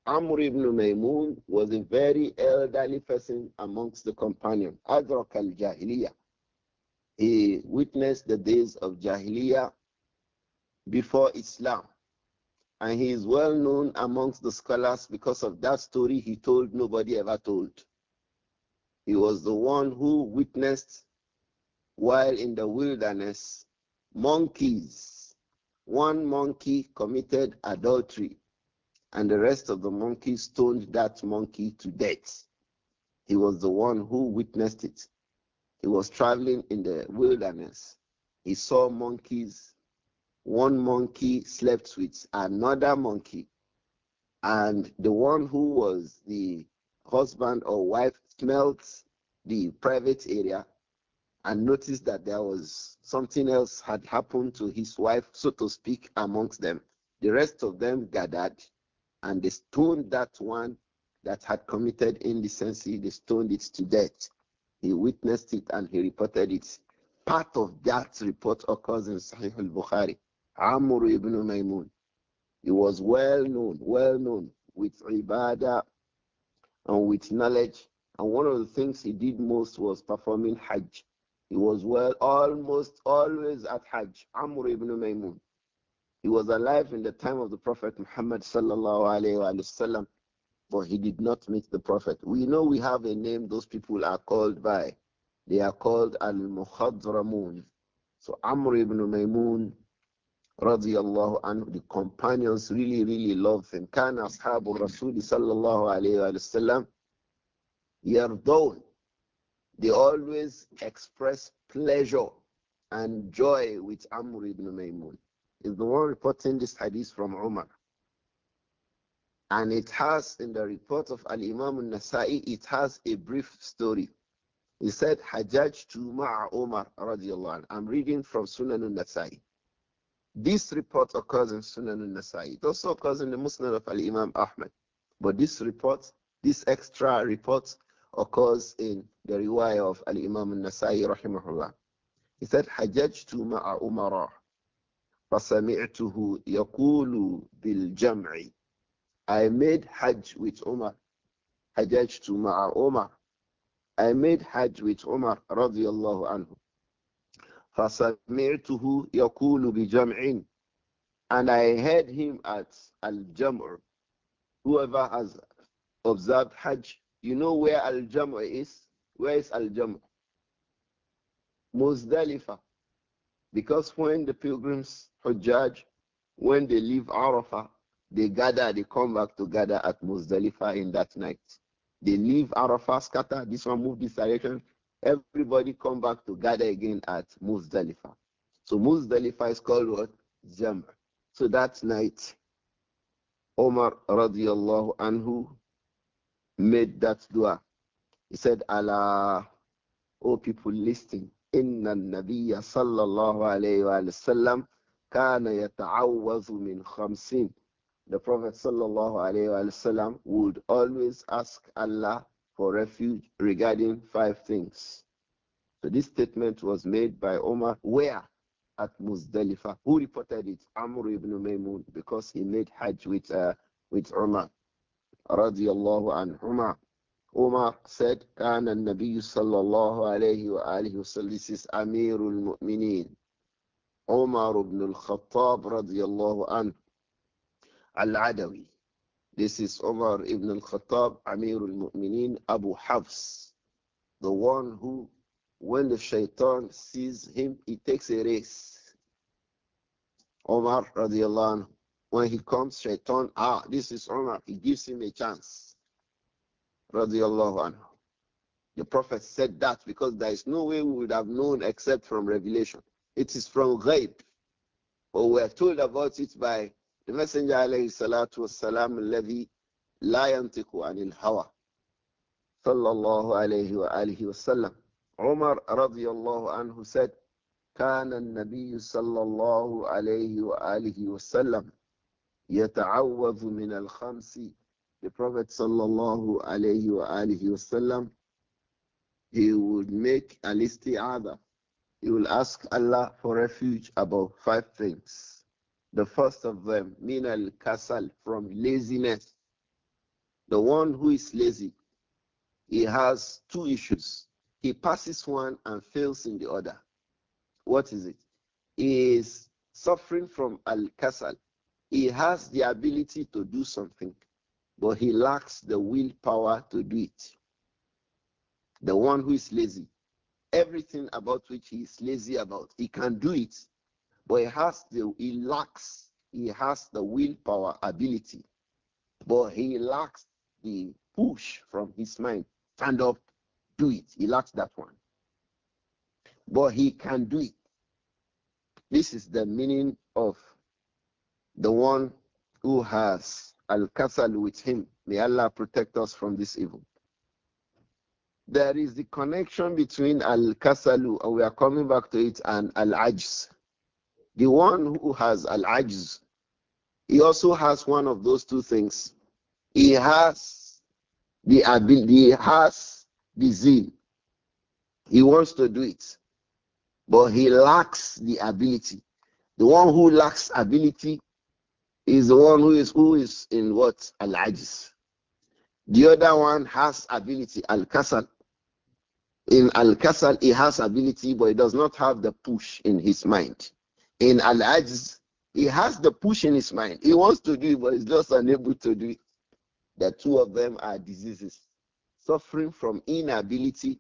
Amr ibn Maymun was a very elderly person amongst the companions. Adrak al Jahiliyyah. He witnessed the days of Jahiliyyah before Islam. And he is well known amongst the scholars because of that story he told nobody ever told. He was the one who witnessed while in the wilderness monkeys. One monkey committed adultery and the rest of the monkeys stoned that monkey to death. He was the one who witnessed it. He was traveling in the wilderness. He saw monkeys. One monkey slept with another monkey. And the one who was the husband or wife smelt the private area and noticed that there was something else had happened to his wife, so to speak, amongst them. The rest of them gathered and they stoned that one that had committed indecency, they stoned it to death. He witnessed it and he reported it. Part of that report occurs in Sahih al Bukhari. Amr ibn Maymun. He was well known, well known with ibadah and with knowledge. And one of the things he did most was performing Hajj. He was well, almost always at Hajj. Amr ibn Maymun. He was alive in the time of the Prophet Muhammad sallallahu alaihi wasallam, but he did not meet the Prophet. We know we have a name those people are called by. They are called Al-Mukhadramun. So Amr ibn Maymun radiallahu anhu, the companions really, really loved him. Kana ashabu Rasul sallallahu alayhi wa yardawn. They always express pleasure and joy with Amr ibn Maymun is the one reporting this hadith from Umar. And it has, in the report of Al Imam al Nasa'i, it has a brief story. He said, Hajjaj to Ma'a Umar, radiallahu anh. I'm reading from Sunan al Nasa'i. This report occurs in Sunan al Nasa'i. It also occurs in the Musnad of Al Imam Ahmad. But this report, this extra report, occurs in the riwayah of Al Imam al Nasa'i, rahimahullah. He said, Hajjaj to Ma'a Umar. فَسَمِعْتُهُ يَقُولُ بِالْجَمْعِ I made Hajj with Umar. Hajjaj to Ma'a Umar. I made Hajj with Umar radiallahu anhu. فَسَمِعْتُهُ يَقُولُ بِجَمْعٍ And I heard him at Al-Jam'ur. Whoever has observed Hajj, you know where Al-Jam'ur is? Where is Al-Jam'ur? Muzdalifah. Because when the pilgrims Judge, when they leave Arafah, they gather, they come back to gather at Muzdalifah in that night. They leave Arafah, scatter, this one move this direction. Everybody come back to gather again at Muzdalifah. So Muzdalifah is called what? Jam. So that night, Omar radiallahu anhu made that dua. He said, Allah, O people listening, Inna Nabiya sallallahu alayhi wa sallam kana yata'awwazu min khamsin. The Prophet sallallahu would always ask Allah for refuge regarding five things. So this statement was made by Omar where at Muzdalifah. Who reported it? Amr ibn Maymun because he made Hajj with uh, with Umar radiyallahu anhuma. Umar said, كان النبي صلى الله عليه وآله وسلم wasallam is Omar ibn al-Khattab radiallahu anhu al-Adawi. This is Omar ibn al-Khattab, Amir al-Mu'mineen, Abu Hafs, the one who, when the shaitan sees him, he takes a race. Omar radiallahu anhu, when he comes, shaitan, ah, this is Omar, he gives him a chance. Radiallahu anhu. The Prophet said that because there is no way we would have known except from revelation. It is from ghaib. But we are told about it by the Messenger alayhi salatu wasalam levi la yantiku anil hawa. Sallallahu alayhi wa alihi wasallam. Umar radiyallahu anhu said, كان النبي صلى الله عليه وآله وسلم يتعوذ من الخمس the Prophet sallallahu alayhi wa wasallam, he would make a of isti'adha you will ask Allah for refuge about five things. The first of them, min al kasal, from laziness. The one who is lazy, he has two issues. He passes one and fails in the other. What is it? He is suffering from al kasal. He has the ability to do something, but he lacks the willpower to do it. The one who is lazy, everything about which he is lazy about. He can do it, but he has the he lacks he has the willpower ability, but he lacks the push from his mind. Stand up, do it. He lacks that one, but he can do it. This is the meaning of the one who has al kasal with him. May Allah protect us from this evil there is the connection between al kasalu, and we are coming back to it, and al ajz. The one who has al ajz, he also has one of those two things. He has the ability, he has the zeal. He wants to do it, but he lacks the ability. The one who lacks ability is the one who is who is in what al ajz. The other one has ability, al kasal. In Al Kasal, he has ability, but he does not have the push in his mind. In Al Ajz, he has the push in his mind. He wants to do it, but he's just unable to do it. The two of them are diseases suffering from inability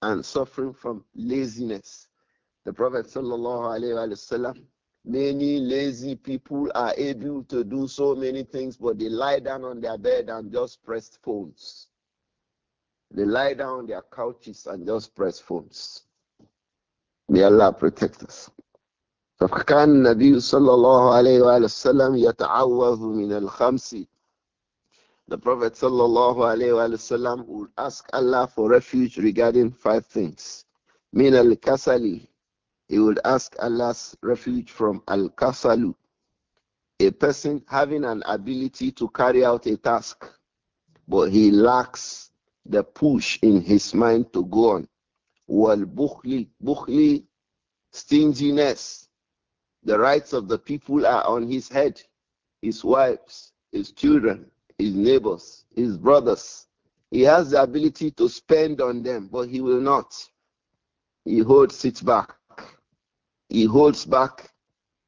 and suffering from laziness. The Prophet وسلم, many lazy people are able to do so many things, but they lie down on their bed and just press phones. They lie down on their couches and just press phones. May Allah protect us. فكان النبي صلى الله عليه وآله وسلم يتعوذ من الخمس The Prophet صلى الله عليه وآله وسلم would ask Allah for refuge regarding five things. من الكسل He would ask Allah's refuge from al-kasalu a person having an ability to carry out a task, but he lacks the push in his mind to go on. while bukhli, bukhli, stinginess. The rights of the people are on his head, his wives, his children, his neighbors, his brothers. He has the ability to spend on them, but he will not. He holds it back. He holds back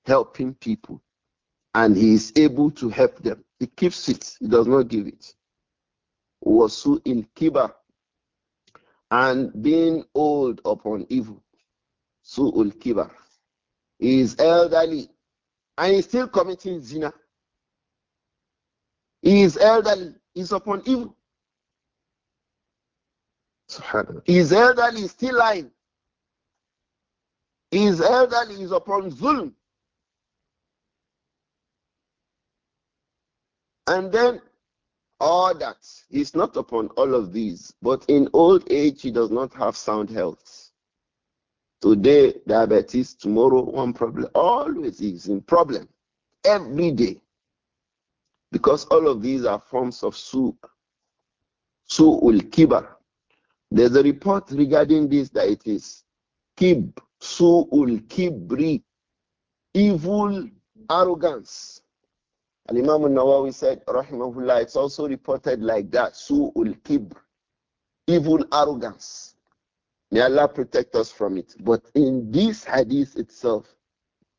helping people, and he is able to help them. He keeps it, he does not give it wasu in kiba and being old upon evil su'ul kiba is elderly and he's still committing zina he is elderly is upon evil is elderly still lying is elderly is upon zulm and then all that. He's not upon all of these, but in old age, he does not have sound health. Today, diabetes, tomorrow, one problem. Always is in problem. Every day. Because all of these are forms of su. Su ul kibar. There's a report regarding this that it is kib, su ul kibri, evil arrogance Al Imam Nawawi said, Rahimahullah, it's also reported like that Su'ul Kibr, evil arrogance. May Allah protect us from it. But in this hadith itself,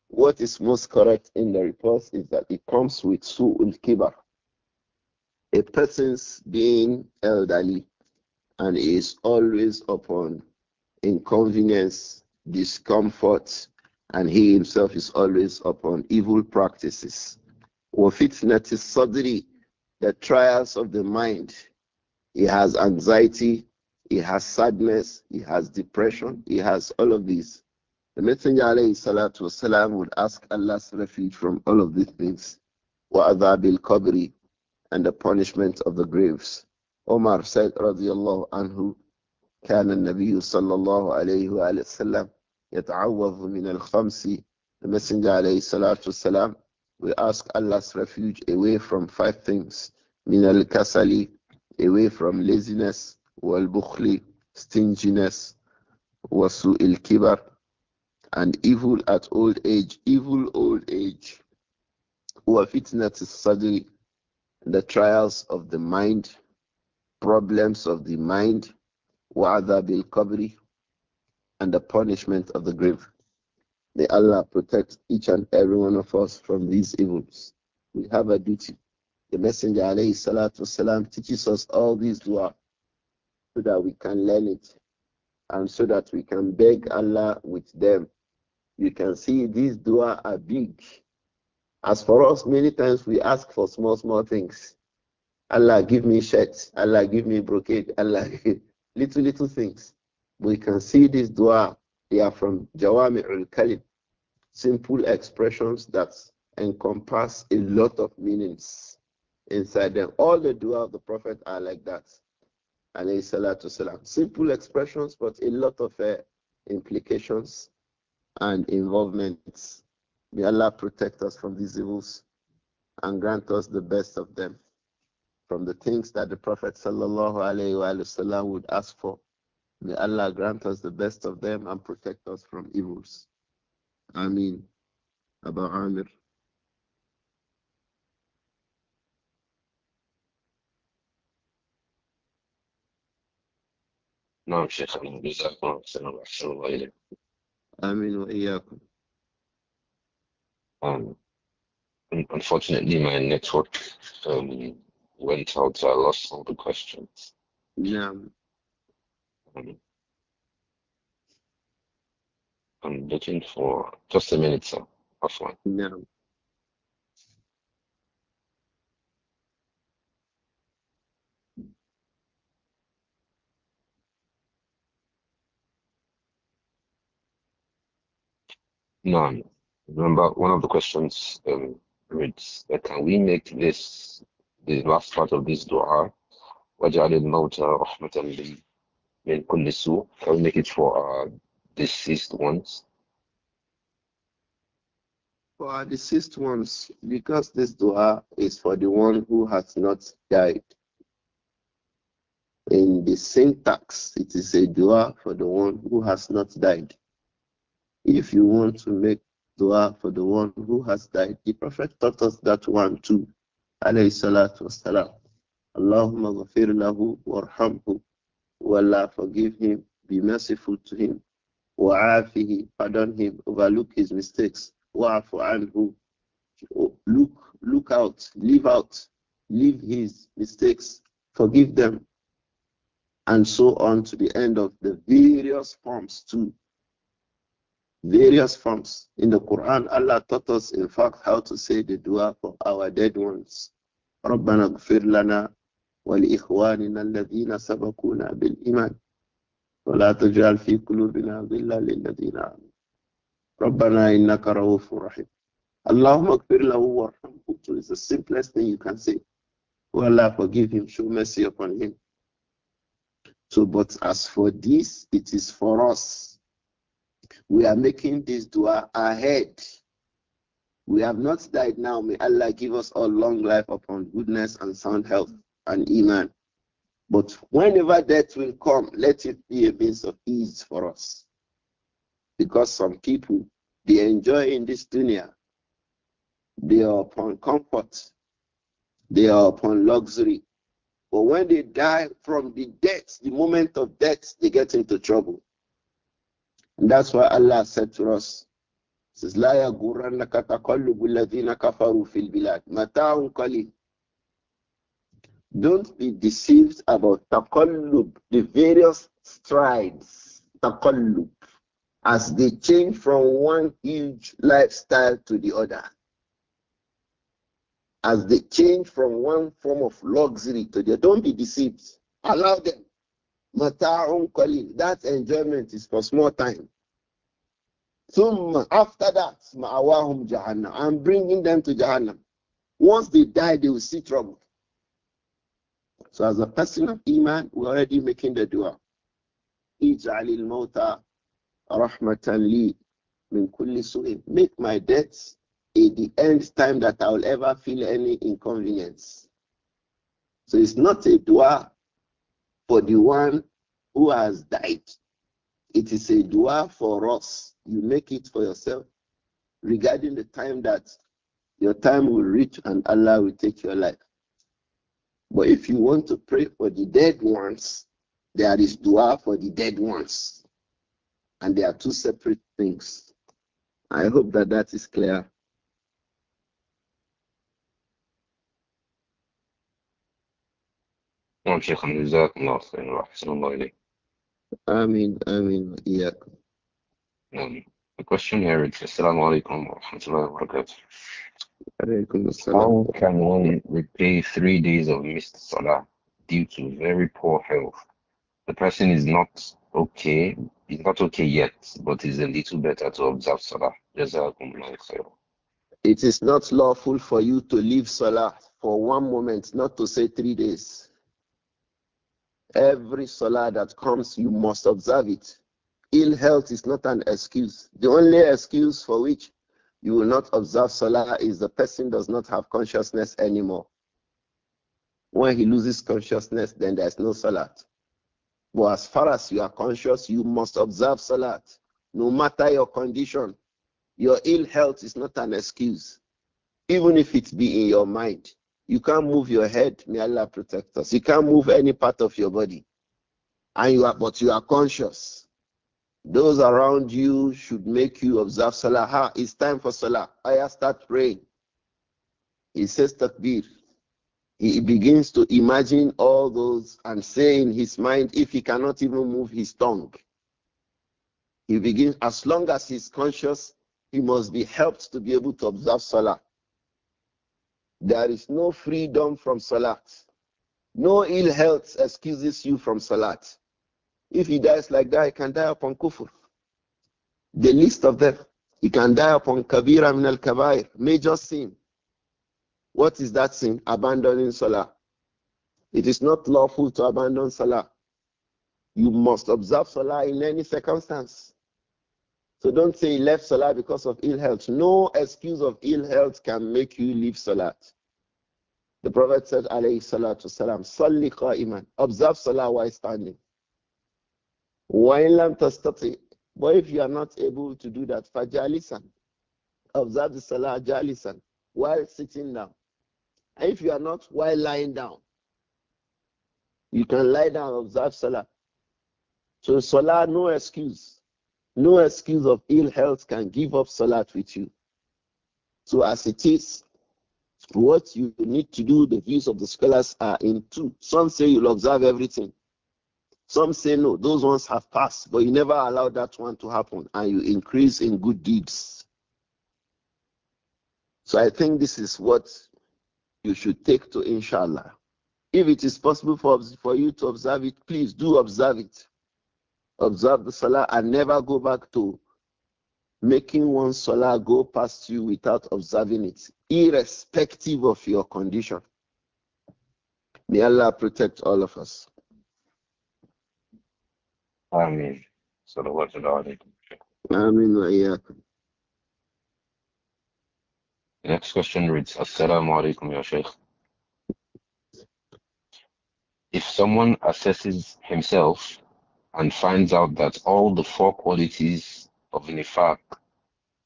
what is most correct in the report is that it comes with Su'ul Kibr, a person's being elderly and is always upon inconvenience, discomfort, and he himself is always upon evil practices. وَفِتْنَةِ الصَّدْرِ The trials of the mind. He has anxiety, he has sadness, he has depression, he has all of these. The Messenger والسلام, would ask Allah's refuge from all of these things. وَأَذَابِ الْقَبْرِ And the punishment of the graves. Omar said, رضي الله عنه, كان النبي صلى الله عليه وآله وسلم يتعوذ من الخمس The Messenger عليه الصلاة والسلام we ask Allah's refuge away from five things. Min al kasali, away from laziness, wal bukhli, stinginess, wasu il kibar, and evil at old age, evil old age. Wa fitnat sadri, the trials of the mind, problems of the mind, wa adhabil kabri, and the punishment of the grave. May Allah protect each and every one of us from these evils. We have a duty. The Messenger alayhi salatu teaches us all these dua so that we can learn it and so that we can beg Allah with them. You can see these dua are big. As for us, many times we ask for small, small things. Allah give me shirts, Allah give me brocade, Allah little, little things. We can see this dua they are from Jawami al Kalim, simple expressions that encompass a lot of meanings inside them. All the dua of the Prophet are like that. Simple expressions, but a lot of uh, implications and involvements. May Allah protect us from these evils and grant us the best of them. From the things that the Prophet sallallahu wasallam would ask for, May Allah grant us the best of them and protect us from evils. Ameen. Abu Amir. نعم شيخنا الله الله اليكم. امين واياكم. Um, unfortunately, my network um, went out, so I lost all the questions. Yeah. Um, I'm looking for just a minute, sir. That's one. No. None. Remember, one of the questions um, reads, can we make this, the last part of this dua, وَجَعَلِ الْمَوْتَ رَحْمَةً لِي min kulli I'll make it for our uh, deceased ones. For our deceased ones, because this dua is for the one who has not died. In the syntax, it is a dua for the one who has not died. If you want to make dua for the one who has died, the Prophet taught us that one too. Alayhi salatu wassalam. Allahumma ghafir lahu warhamhu Allah, forgive him, be merciful to him. Wa'afihi, pardon him, overlook his mistakes. Wa'afu anhu, look, look out, leave out, leave his mistakes, forgive them. And so on to the end of the various forms too. Various forms. In the Quran, Allah taught us, in fact, how to say the dua for our dead ones. ربنا اغفر لنا ولإخواننا الذين سبقونا بالإيمان ولا تجعل في قلوبنا غلا للذين آمنوا ربنا إنك رؤوف رحيم اللهم اغفر له وارحمه rahim. It's the simplest thing you can say oh Allah forgive him show mercy upon him so but as for this it is for us we are making this dua ahead we have not died now may Allah give us all long life upon goodness and sound health and Iman. But whenever death will come, let it be a means of ease for us. Because some people, they enjoy in this dunya. They are upon comfort. They are upon luxury. But when they die from the death, the moment of death, they get into trouble. And that's why Allah said to us, says, لا يغرنك تقلب الذين كفروا في البلاد متاع قليل don't be deceived about taqallub, the various strides, taqallub, as they change from one huge lifestyle to the other. As they change from one form of luxury to the other. Don't be deceived. Allow them. That enjoyment is for small time. Thumma, after that, ma'awahum jahannam. I'm bringing them to Jahannam. Once they die, they will see trouble. So as a person of Iman, we're already making the dua. al mawta rahmatan li min kulli su'in. Make my death in the end time that I will ever feel any inconvenience. So it's not a dua for the one who has died. It is a dua for us. You make it for yourself regarding the time that your time will reach and Allah will take your life. But if you want to pray for the dead ones, there is dua for the dead ones. And they are two separate things. I hope that that is clear. نعم شيخنا جزاكم الله خيرا The question here is Assalamu alaikum wa rahmatullahi wa barakatuh. How can one repay three days of missed salah due to very poor health? The person is not okay, is not okay yet, but is a little better to observe salah. It is not lawful for you to leave salah for one moment, not to say three days. Every salah that comes, you must observe it. Ill health is not an excuse. The only excuse for which you will not observe salah is the person does not have consciousness anymore. When he loses consciousness, then there's no salat. But as far as you are conscious, you must observe salat, no matter your condition. Your ill health is not an excuse, even if it be in your mind. You can't move your head, may Allah protect us. You can't move any part of your body, and you are, but you are conscious those around you should make you observe Salah. Ha, it's time for Salah. I start praying. He says takbir. He begins to imagine all those and say in his mind, if he cannot even move his tongue, he begins, as long as he's conscious, he must be helped to be able to observe Salah. There is no freedom from Salat. No ill health excuses you from Salat. If he dies like that, he can die upon kufr. The least of them. He can die upon kabira min al kabair, major sin. What is that sin? Abandoning salah. It is not lawful to abandon salah. You must observe salah in any circumstance. So don't say left salah because of ill health. No excuse of ill health can make you leave salah. The Prophet said, alayhi salatu salam, salli qa'iman. Observe salah while standing. Wailam tastati. But if you are not able to do that, fajalisan. Observe the salah jalisan while sitting down. And if you are not while lying down, you can lie down observe salah. So salah, no excuse. No excuse of ill health can give up salah with you. So as it is, what you need to do, the views of the scholars are in two. Some say you'll observe everything. Some say no, those ones have passed, but you never allow that one to happen and you increase in good deeds. So I think this is what you should take to inshallah. If it is possible for, for you to observe it, please do observe it. Observe the salah and never go back to making one salah go past you without observing it, irrespective of your condition. May Allah protect all of us. آمين صلوات The next question reads Assalamu alaikum ya If someone assesses himself and finds out that all the four qualities of nifaq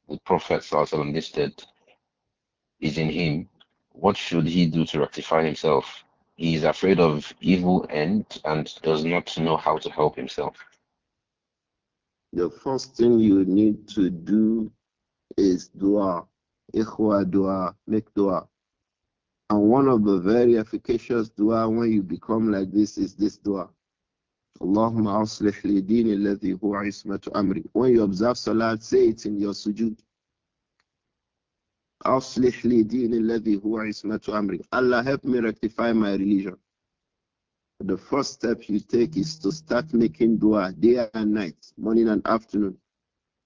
the Prophet ﷺ listed is in him, what should he do to rectify himself? He is afraid of evil end and does not know how to help himself the first thing you need to do is dua, ikhwa dua, make dua. And one of the very efficacious dua when you become like this is this dua. Allahumma aslih li dini alladhi huwa ismatu amri. When you observe salat, say it in your sujood. Aslih li dini alladhi huwa ismatu amri. Allah help me rectify my religion. The first step you take is to start making dua day and night, morning and afternoon.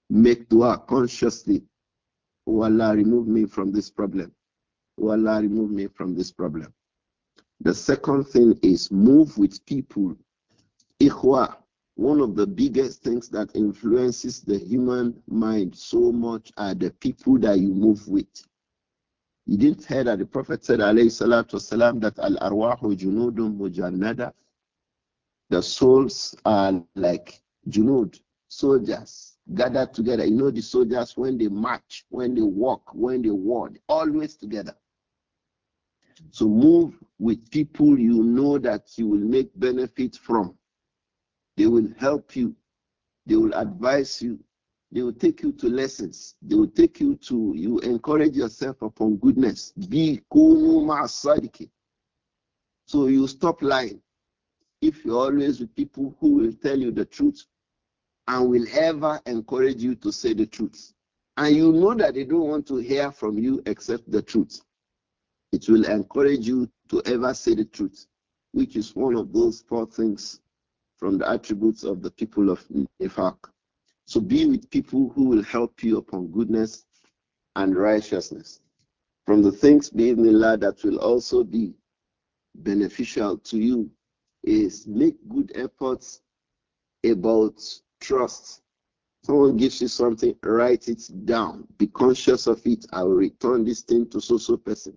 Make dua consciously. O Allah, remove me from this problem. O Allah, remove me from this problem. The second thing is move with people. Ikhwa, one of the biggest things that influences the human mind so much are the people that you move with. You didn't hear that the Prophet said, alayhi that al arwahu junudun mujannada. The souls are like junud, soldiers gathered together. You know, the soldiers, when they march, when they walk, when they war, always together. So move with people you know that you will make benefit from. They will help you. They will advise you. They will take you to lessons. They will take you to, you encourage yourself upon goodness. Be sadiki. So you stop lying. If you're always with people who will tell you the truth and will ever encourage you to say the truth. And you know that they don't want to hear from you except the truth. It will encourage you to ever say the truth, which is one of those four things from the attributes of the people of Nifak. So be with people who will help you upon goodness and righteousness. From the things, bi'idhnillah, that will also be beneficial to you is make good efforts about trust. Someone gives you something, write it down. Be conscious of it. I will return this thing to so so person.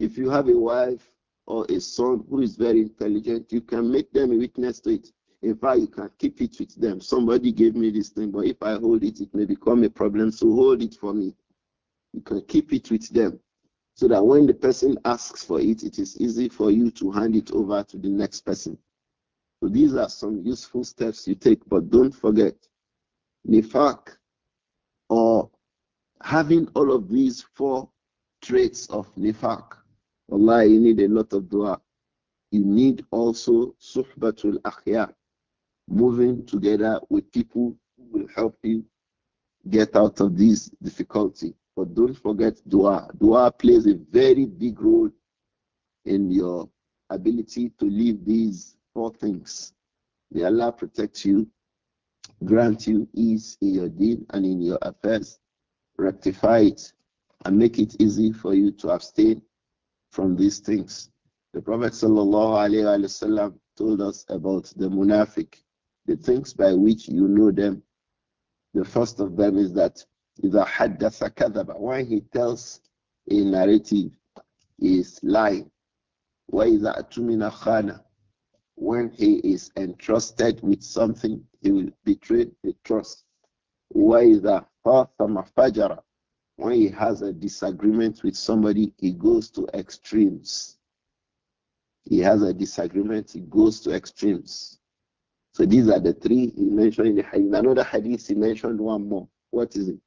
If you have a wife or a son who is very intelligent, you can make them a witness to it. In fact, you can keep it with them. Somebody gave me this thing, but if I hold it, it may become a problem. So hold it for me. You can keep it with them so that when the person asks for it, it is easy for you to hand it over to the next person. So these are some useful steps you take, but don't forget nifak or having all of these four traits of nifak. Allah, you need a lot of dua. You need also suhbatul akhya, moving together with people who will help you get out of this difficulty. But don't forget dua. Dua plays a very big role in your ability to leave these four things. May Allah protect you, grant you ease in your deed and in your affairs, rectify it, and make it easy for you to abstain from these things. The Prophet ﷺ told us about the munafiq the things by which you know them. The first of them is that إذا حدث كذب when he tells a narrative is lying. Why is that? when he is entrusted with something, he will betray the trust. Why is When he has a disagreement with somebody, he goes to extremes. He has a disagreement, he goes to extremes. So these are the three he mentioned in the hadith. Another hadith he mentioned one more. What is it?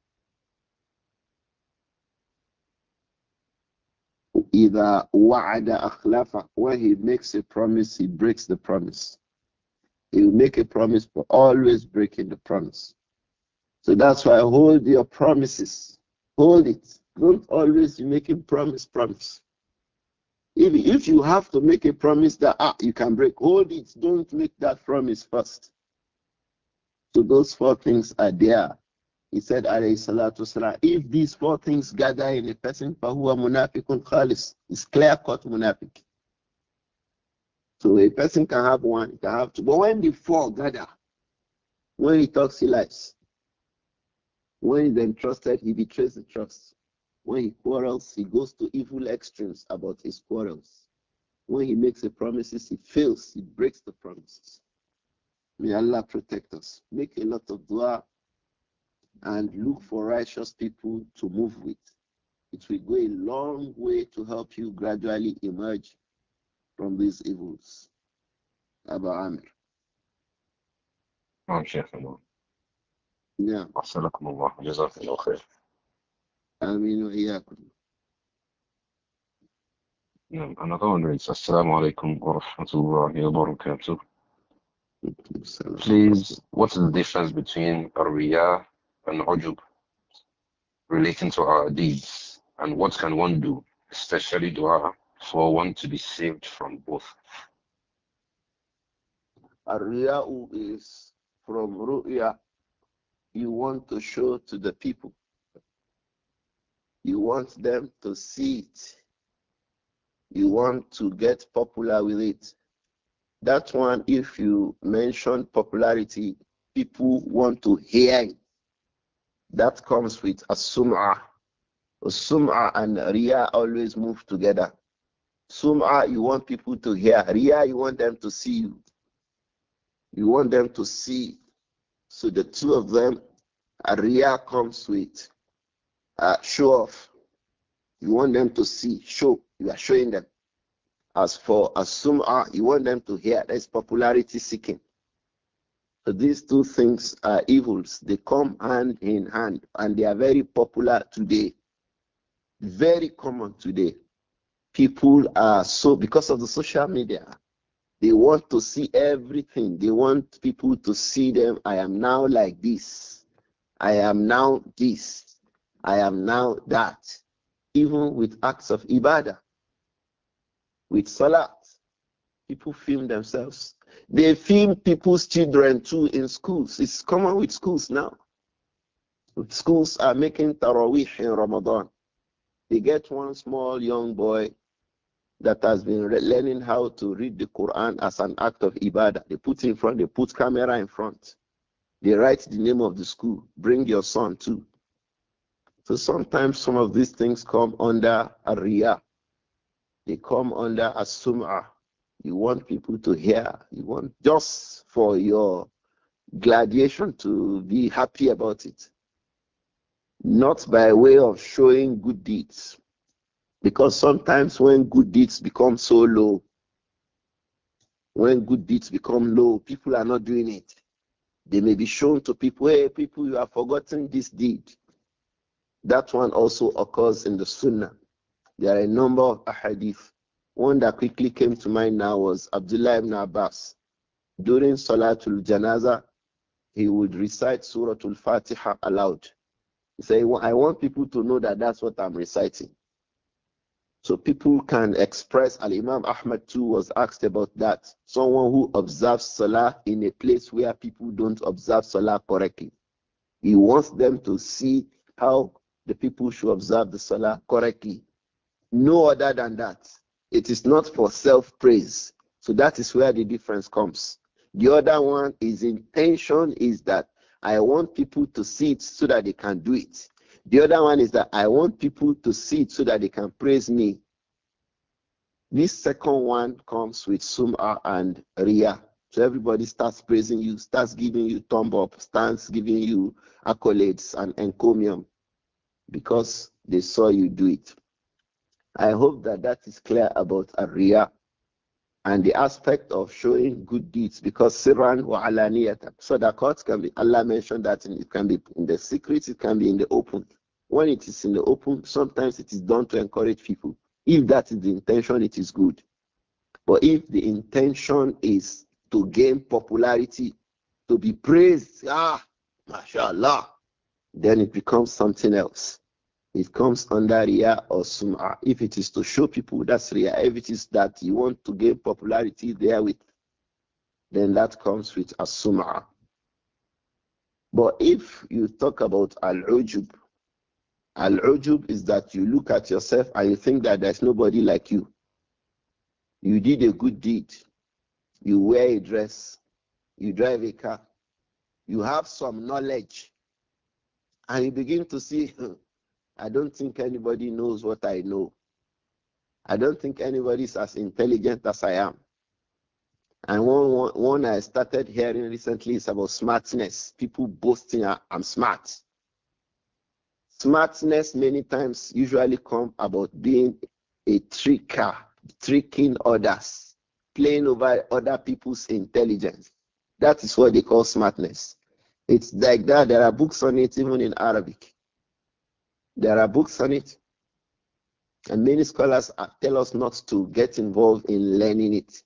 Either wa'ada أخلافه when he makes a promise he breaks the promise he will make a promise but always breaking the promise so that's why hold your promises hold it don't always be making promise promise if, if you have to make a promise that ah, you can break, hold it. Don't make that promise first. So those four things are there. He said, if these four things gather in a person, fahuwa munafiqun khalis, is clear-cut munafiq. So a person can have one, can have two. But when the four gather, when he talks, he lies. When he's entrusted, he betrays the trust. When he quarrels, he goes to evil extremes about his quarrels. When he makes the promises, he fails, he breaks the promises. May Allah protect us. Make a lot of dua and look for righteous people to move with. It will go a long way to help you gradually emerge from these evils. Abu Amir. نعم آمين وإياكم نعم Please, what's the difference between Riyah and Ujub relating to our deeds and what can one do, especially dua, for one to be saved from both? Riyah is from Ru'ya. You want to show to the people you want them to see it. You want to get popular with it. That one, if you mention popularity, people want to hear it. That comes with a sum'ah. Sum'ah and ria always move together. Sum'ah, you want people to hear. Ria, you want them to see you. You want them to see. So the two of them, ria comes with uh, show off. You want them to see, show. You are showing them. As for as you want them to hear. That's popularity seeking. So these two things are evils. They come hand in hand, and they are very popular today. Very common today. People are so because of the social media, they want to see everything. They want people to see them. I am now like this. I am now this. I am now that, even with acts of ibadah, with salat. People film themselves. They film people's children too in schools. It's common with schools now. Schools are making tarawih in Ramadan. They get one small young boy that has been learning how to read the Quran as an act of ibadah. They put in front, they put camera in front. They write the name of the school. Bring your son too. So sometimes some of these things come under aria. They come under asum'a. You want people to hear. You want just for your gladiation to be happy about it. Not by way of showing good deeds. Because sometimes when good deeds become so low, when good deeds become low, people are not doing it. They may be shown to people, hey, people, you have forgotten this deed. That one also occurs in the Sunnah. There are a number of ahadith. One that quickly came to mind now was Abdullah ibn Abbas. During Salatul Janaza, he would recite Suratul Fatiha aloud. He said, I want people to know that that's what I'm reciting. So people can express. Al Imam Ahmad too was asked about that. Someone who observes Salah in a place where people don't observe Salah correctly. He wants them to see how the people should observe the salah correctly. No other than that. It is not for self praise. So that is where the difference comes. The other one is intention is that I want people to see it so that they can do it. The other one is that I want people to see it so that they can praise me. This second one comes with sum'ah and riyah. So everybody starts praising you, starts giving you thumb up, starts giving you accolades and encomium because they saw you do it. I hope that that is clear about Ariya and the aspect of showing good deeds because Siran wa alaniyata. So the court can be, Allah mentioned that it can be in the secret, it can be in the open. When it is in the open, sometimes it is done to encourage people. If that is the intention, it is good. But if the intention is to gain popularity, to be praised, ah, mashallah, then it becomes something else. It comes under Riyah or Sum'ah. If it is to show people that's Riyah, if it is that you want to gain popularity there with, then that comes with a sumah But if you talk about Al-Ujub, Al-Ujub is that you look at yourself and you think that there's nobody like you. You did a good deed. You wear a dress. You drive a car. You have some knowledge and you begin to see, I don't think anybody knows what I know. I don't think anybody is as intelligent as I am. And one, one, one I started hearing recently is about smartness. People boasting, I'm smart. Smartness many times usually come about being a tricker, tricking others, playing over other people's intelligence. That is what they call smartness. It's like that. There are books on it even in Arabic. There are books on it. And many scholars tell us not to get involved in learning it.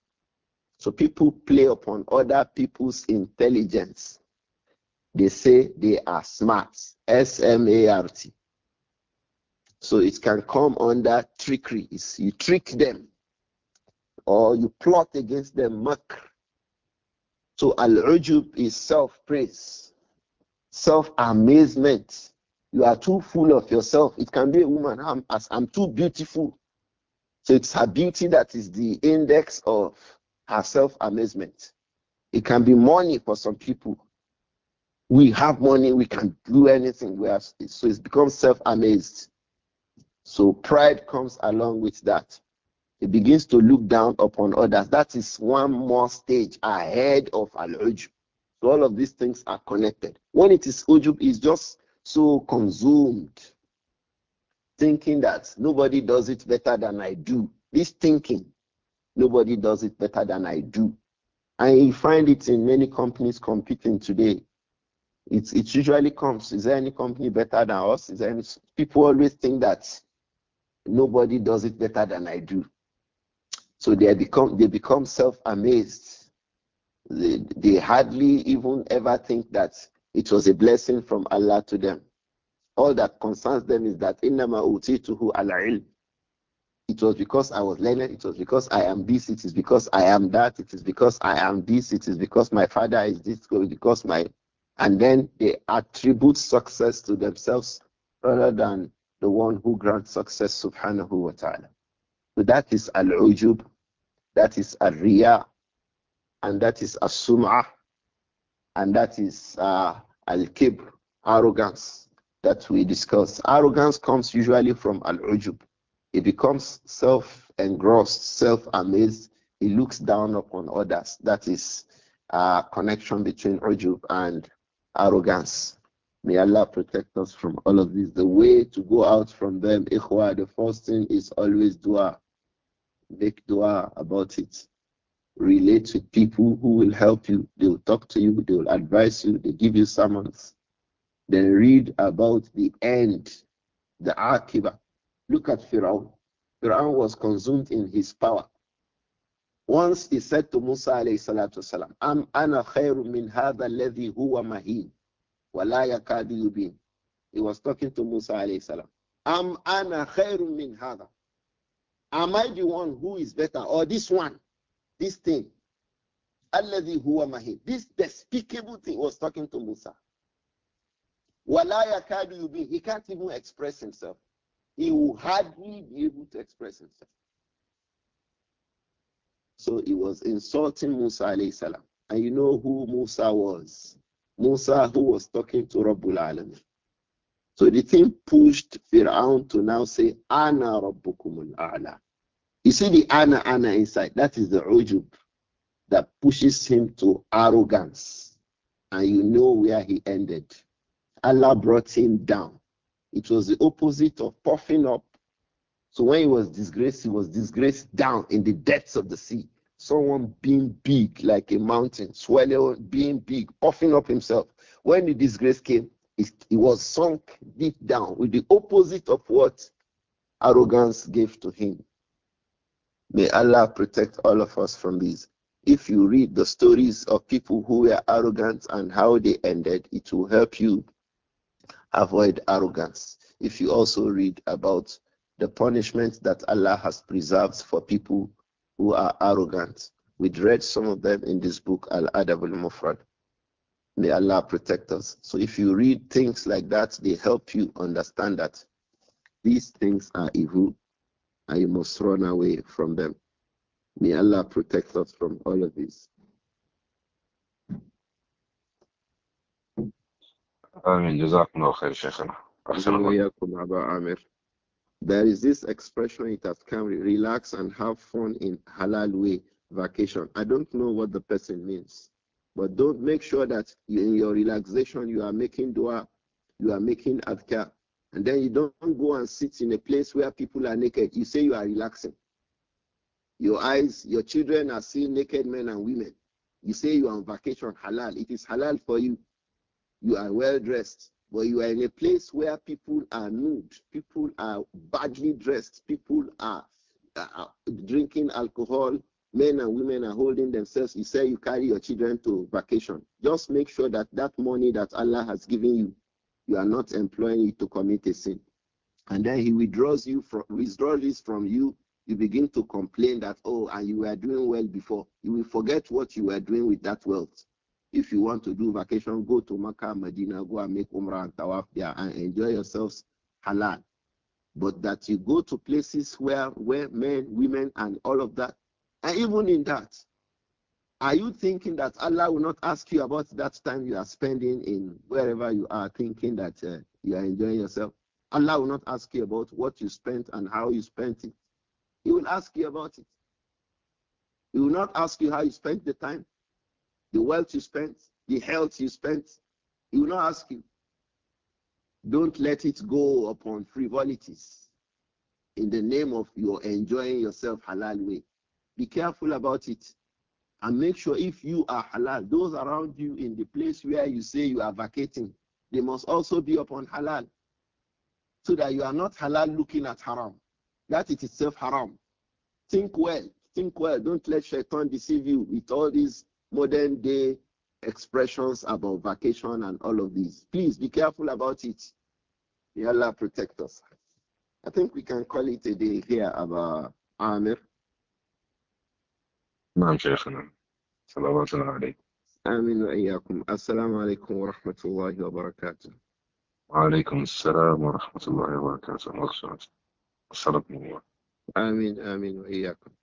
So people play upon other people's intelligence. They say they are smart. S M A R T. So it can come under trickery. You trick them or you plot against them, makr. So al-ujub is self-praise self amazement. You are too full of yourself. It can be a woman. I'm, I'm too beautiful. So it's her beauty that is the index of her self amazement. It can be money for some people. We have money, we can do anything. We have, so it becomes self amazed. So pride comes along with that. It begins to look down upon others. That is one more stage ahead of al -Uj. So all of these things are connected. When it is ujub, it's just so consumed, thinking that nobody does it better than I do. This thinking, nobody does it better than I do. And you find it in many companies competing today. It, it usually comes. Is there any company better than us? Is there any, people always think that nobody does it better than I do. So they become they become self-amazed they, they hardly even ever think that it was a blessing from Allah to them. All that concerns them is that innama utituhu ala ilm. It was because I was learned. It was because I am this. It is because I am that. It is because I am this. It is because my father is this. Because my and then they attribute success to themselves rather than the one who grants success subhanahu wa ta'ala. So that is al-ujub, that is al-Riyah and that is asum'ah, and that is uh, al-kibr, arrogance that we discuss. Arrogance comes usually from al-ujub. It becomes self-engrossed, self-amazed. It looks down upon others. That is uh, connection between ujub and arrogance. May Allah protect us from all of this. The way to go out from them, ikhwa, the first thing is always dua. Make dua about it relate with people who will help you. They will talk to you, they will advise you, they give you sermons. Then read about the end, the Akiba. Look at Pharaoh. Pharaoh was consumed in his power. Once he said to Musa alayhi salatu i Am ana khairu min hadha alladhi huwa mahin wa He was talking to Musa alayhi salam. Am ana khairu min hadha. Am I the one who is better or this one this thing, Alladhi huwa mahin, this despicable thing was talking to Musa. Walaya kadu yubi, he can't even express himself. He will hardly be able to express himself. So he was insulting Musa alayhi salam. And you know who Musa was? Musa who was talking to Rabbul Alam. So the thing pushed Fir'aun to now say, Ana Rabbukumul A'la. You see the ana ana inside. That is the ujub that pushes him to arrogance. And you know where he ended. Allah brought him down. It was the opposite of puffing up. So when he was disgraced, he was disgraced down in the depths of the sea. Someone being big like a mountain, swelling, being big, puffing up himself. When the disgrace came, he it was sunk deep down with the opposite of what arrogance gave to him. May Allah protect all of us from these. If you read the stories of people who were arrogant and how they ended, it will help you avoid arrogance. If you also read about the punishment that Allah has preserved for people who are arrogant, we read some of them in this book, Al Adab al Mufrad. May Allah protect us. So if you read things like that, they help you understand that these things are evil and you must run away from them. May Allah protect us from all of this. There is this expression it has come relax and have fun in halal way vacation. I don't know what the person means, but don't make sure that in your relaxation you are making dua, you are making adhkar, and then you don't go and sit in a place where people are naked. You say you are relaxing. Your eyes, your children are seeing naked men and women. You say you are on vacation, halal. It is halal for you. You are well dressed, but you are in a place where people are nude, people are badly dressed, people are, are drinking alcohol, men and women are holding themselves. You say you carry your children to vacation. Just make sure that that money that Allah has given you, you are not employing it to commit a sin. And then he withdraws you from withdraws from you. You begin to complain that, oh, and you were doing well before. You will forget what you were doing with that wealth. If you want to do vacation, go to Makkah, Medina, go and make Umrah and Tawaf there and enjoy yourselves halal. But that you go to places where, where men, women, and all of that, and even in that, are you thinking that Allah will not ask you about that time you are spending in wherever you are thinking that uh, you are enjoying yourself? Allah will not ask you about what you spent and how you spent it. He will ask you about it. He will not ask you how you spent the time, the wealth you spent, the health you spent. He will not ask you. Don't let it go upon frivolities in the name of your enjoying yourself halal way. Be careful about it. And make sure if you are halal, those around you in the place where you say you are vacating, they must also be upon halal. So that you are not halal looking at haram. That it itself haram. Think well. Think well. Don't let shaitan deceive you with all these modern day expressions about vacation and all of these. Please be careful about it. May Allah protect us. I think we can call it a day here, Abba Amir. نعم شيخنا صلوات الله عليك آمين وإياكم السلام عليكم ورحمة الله وبركاته وعليكم السلام ورحمة الله وبركاته وبركاته وصلكم الله آمين آمين وإياكم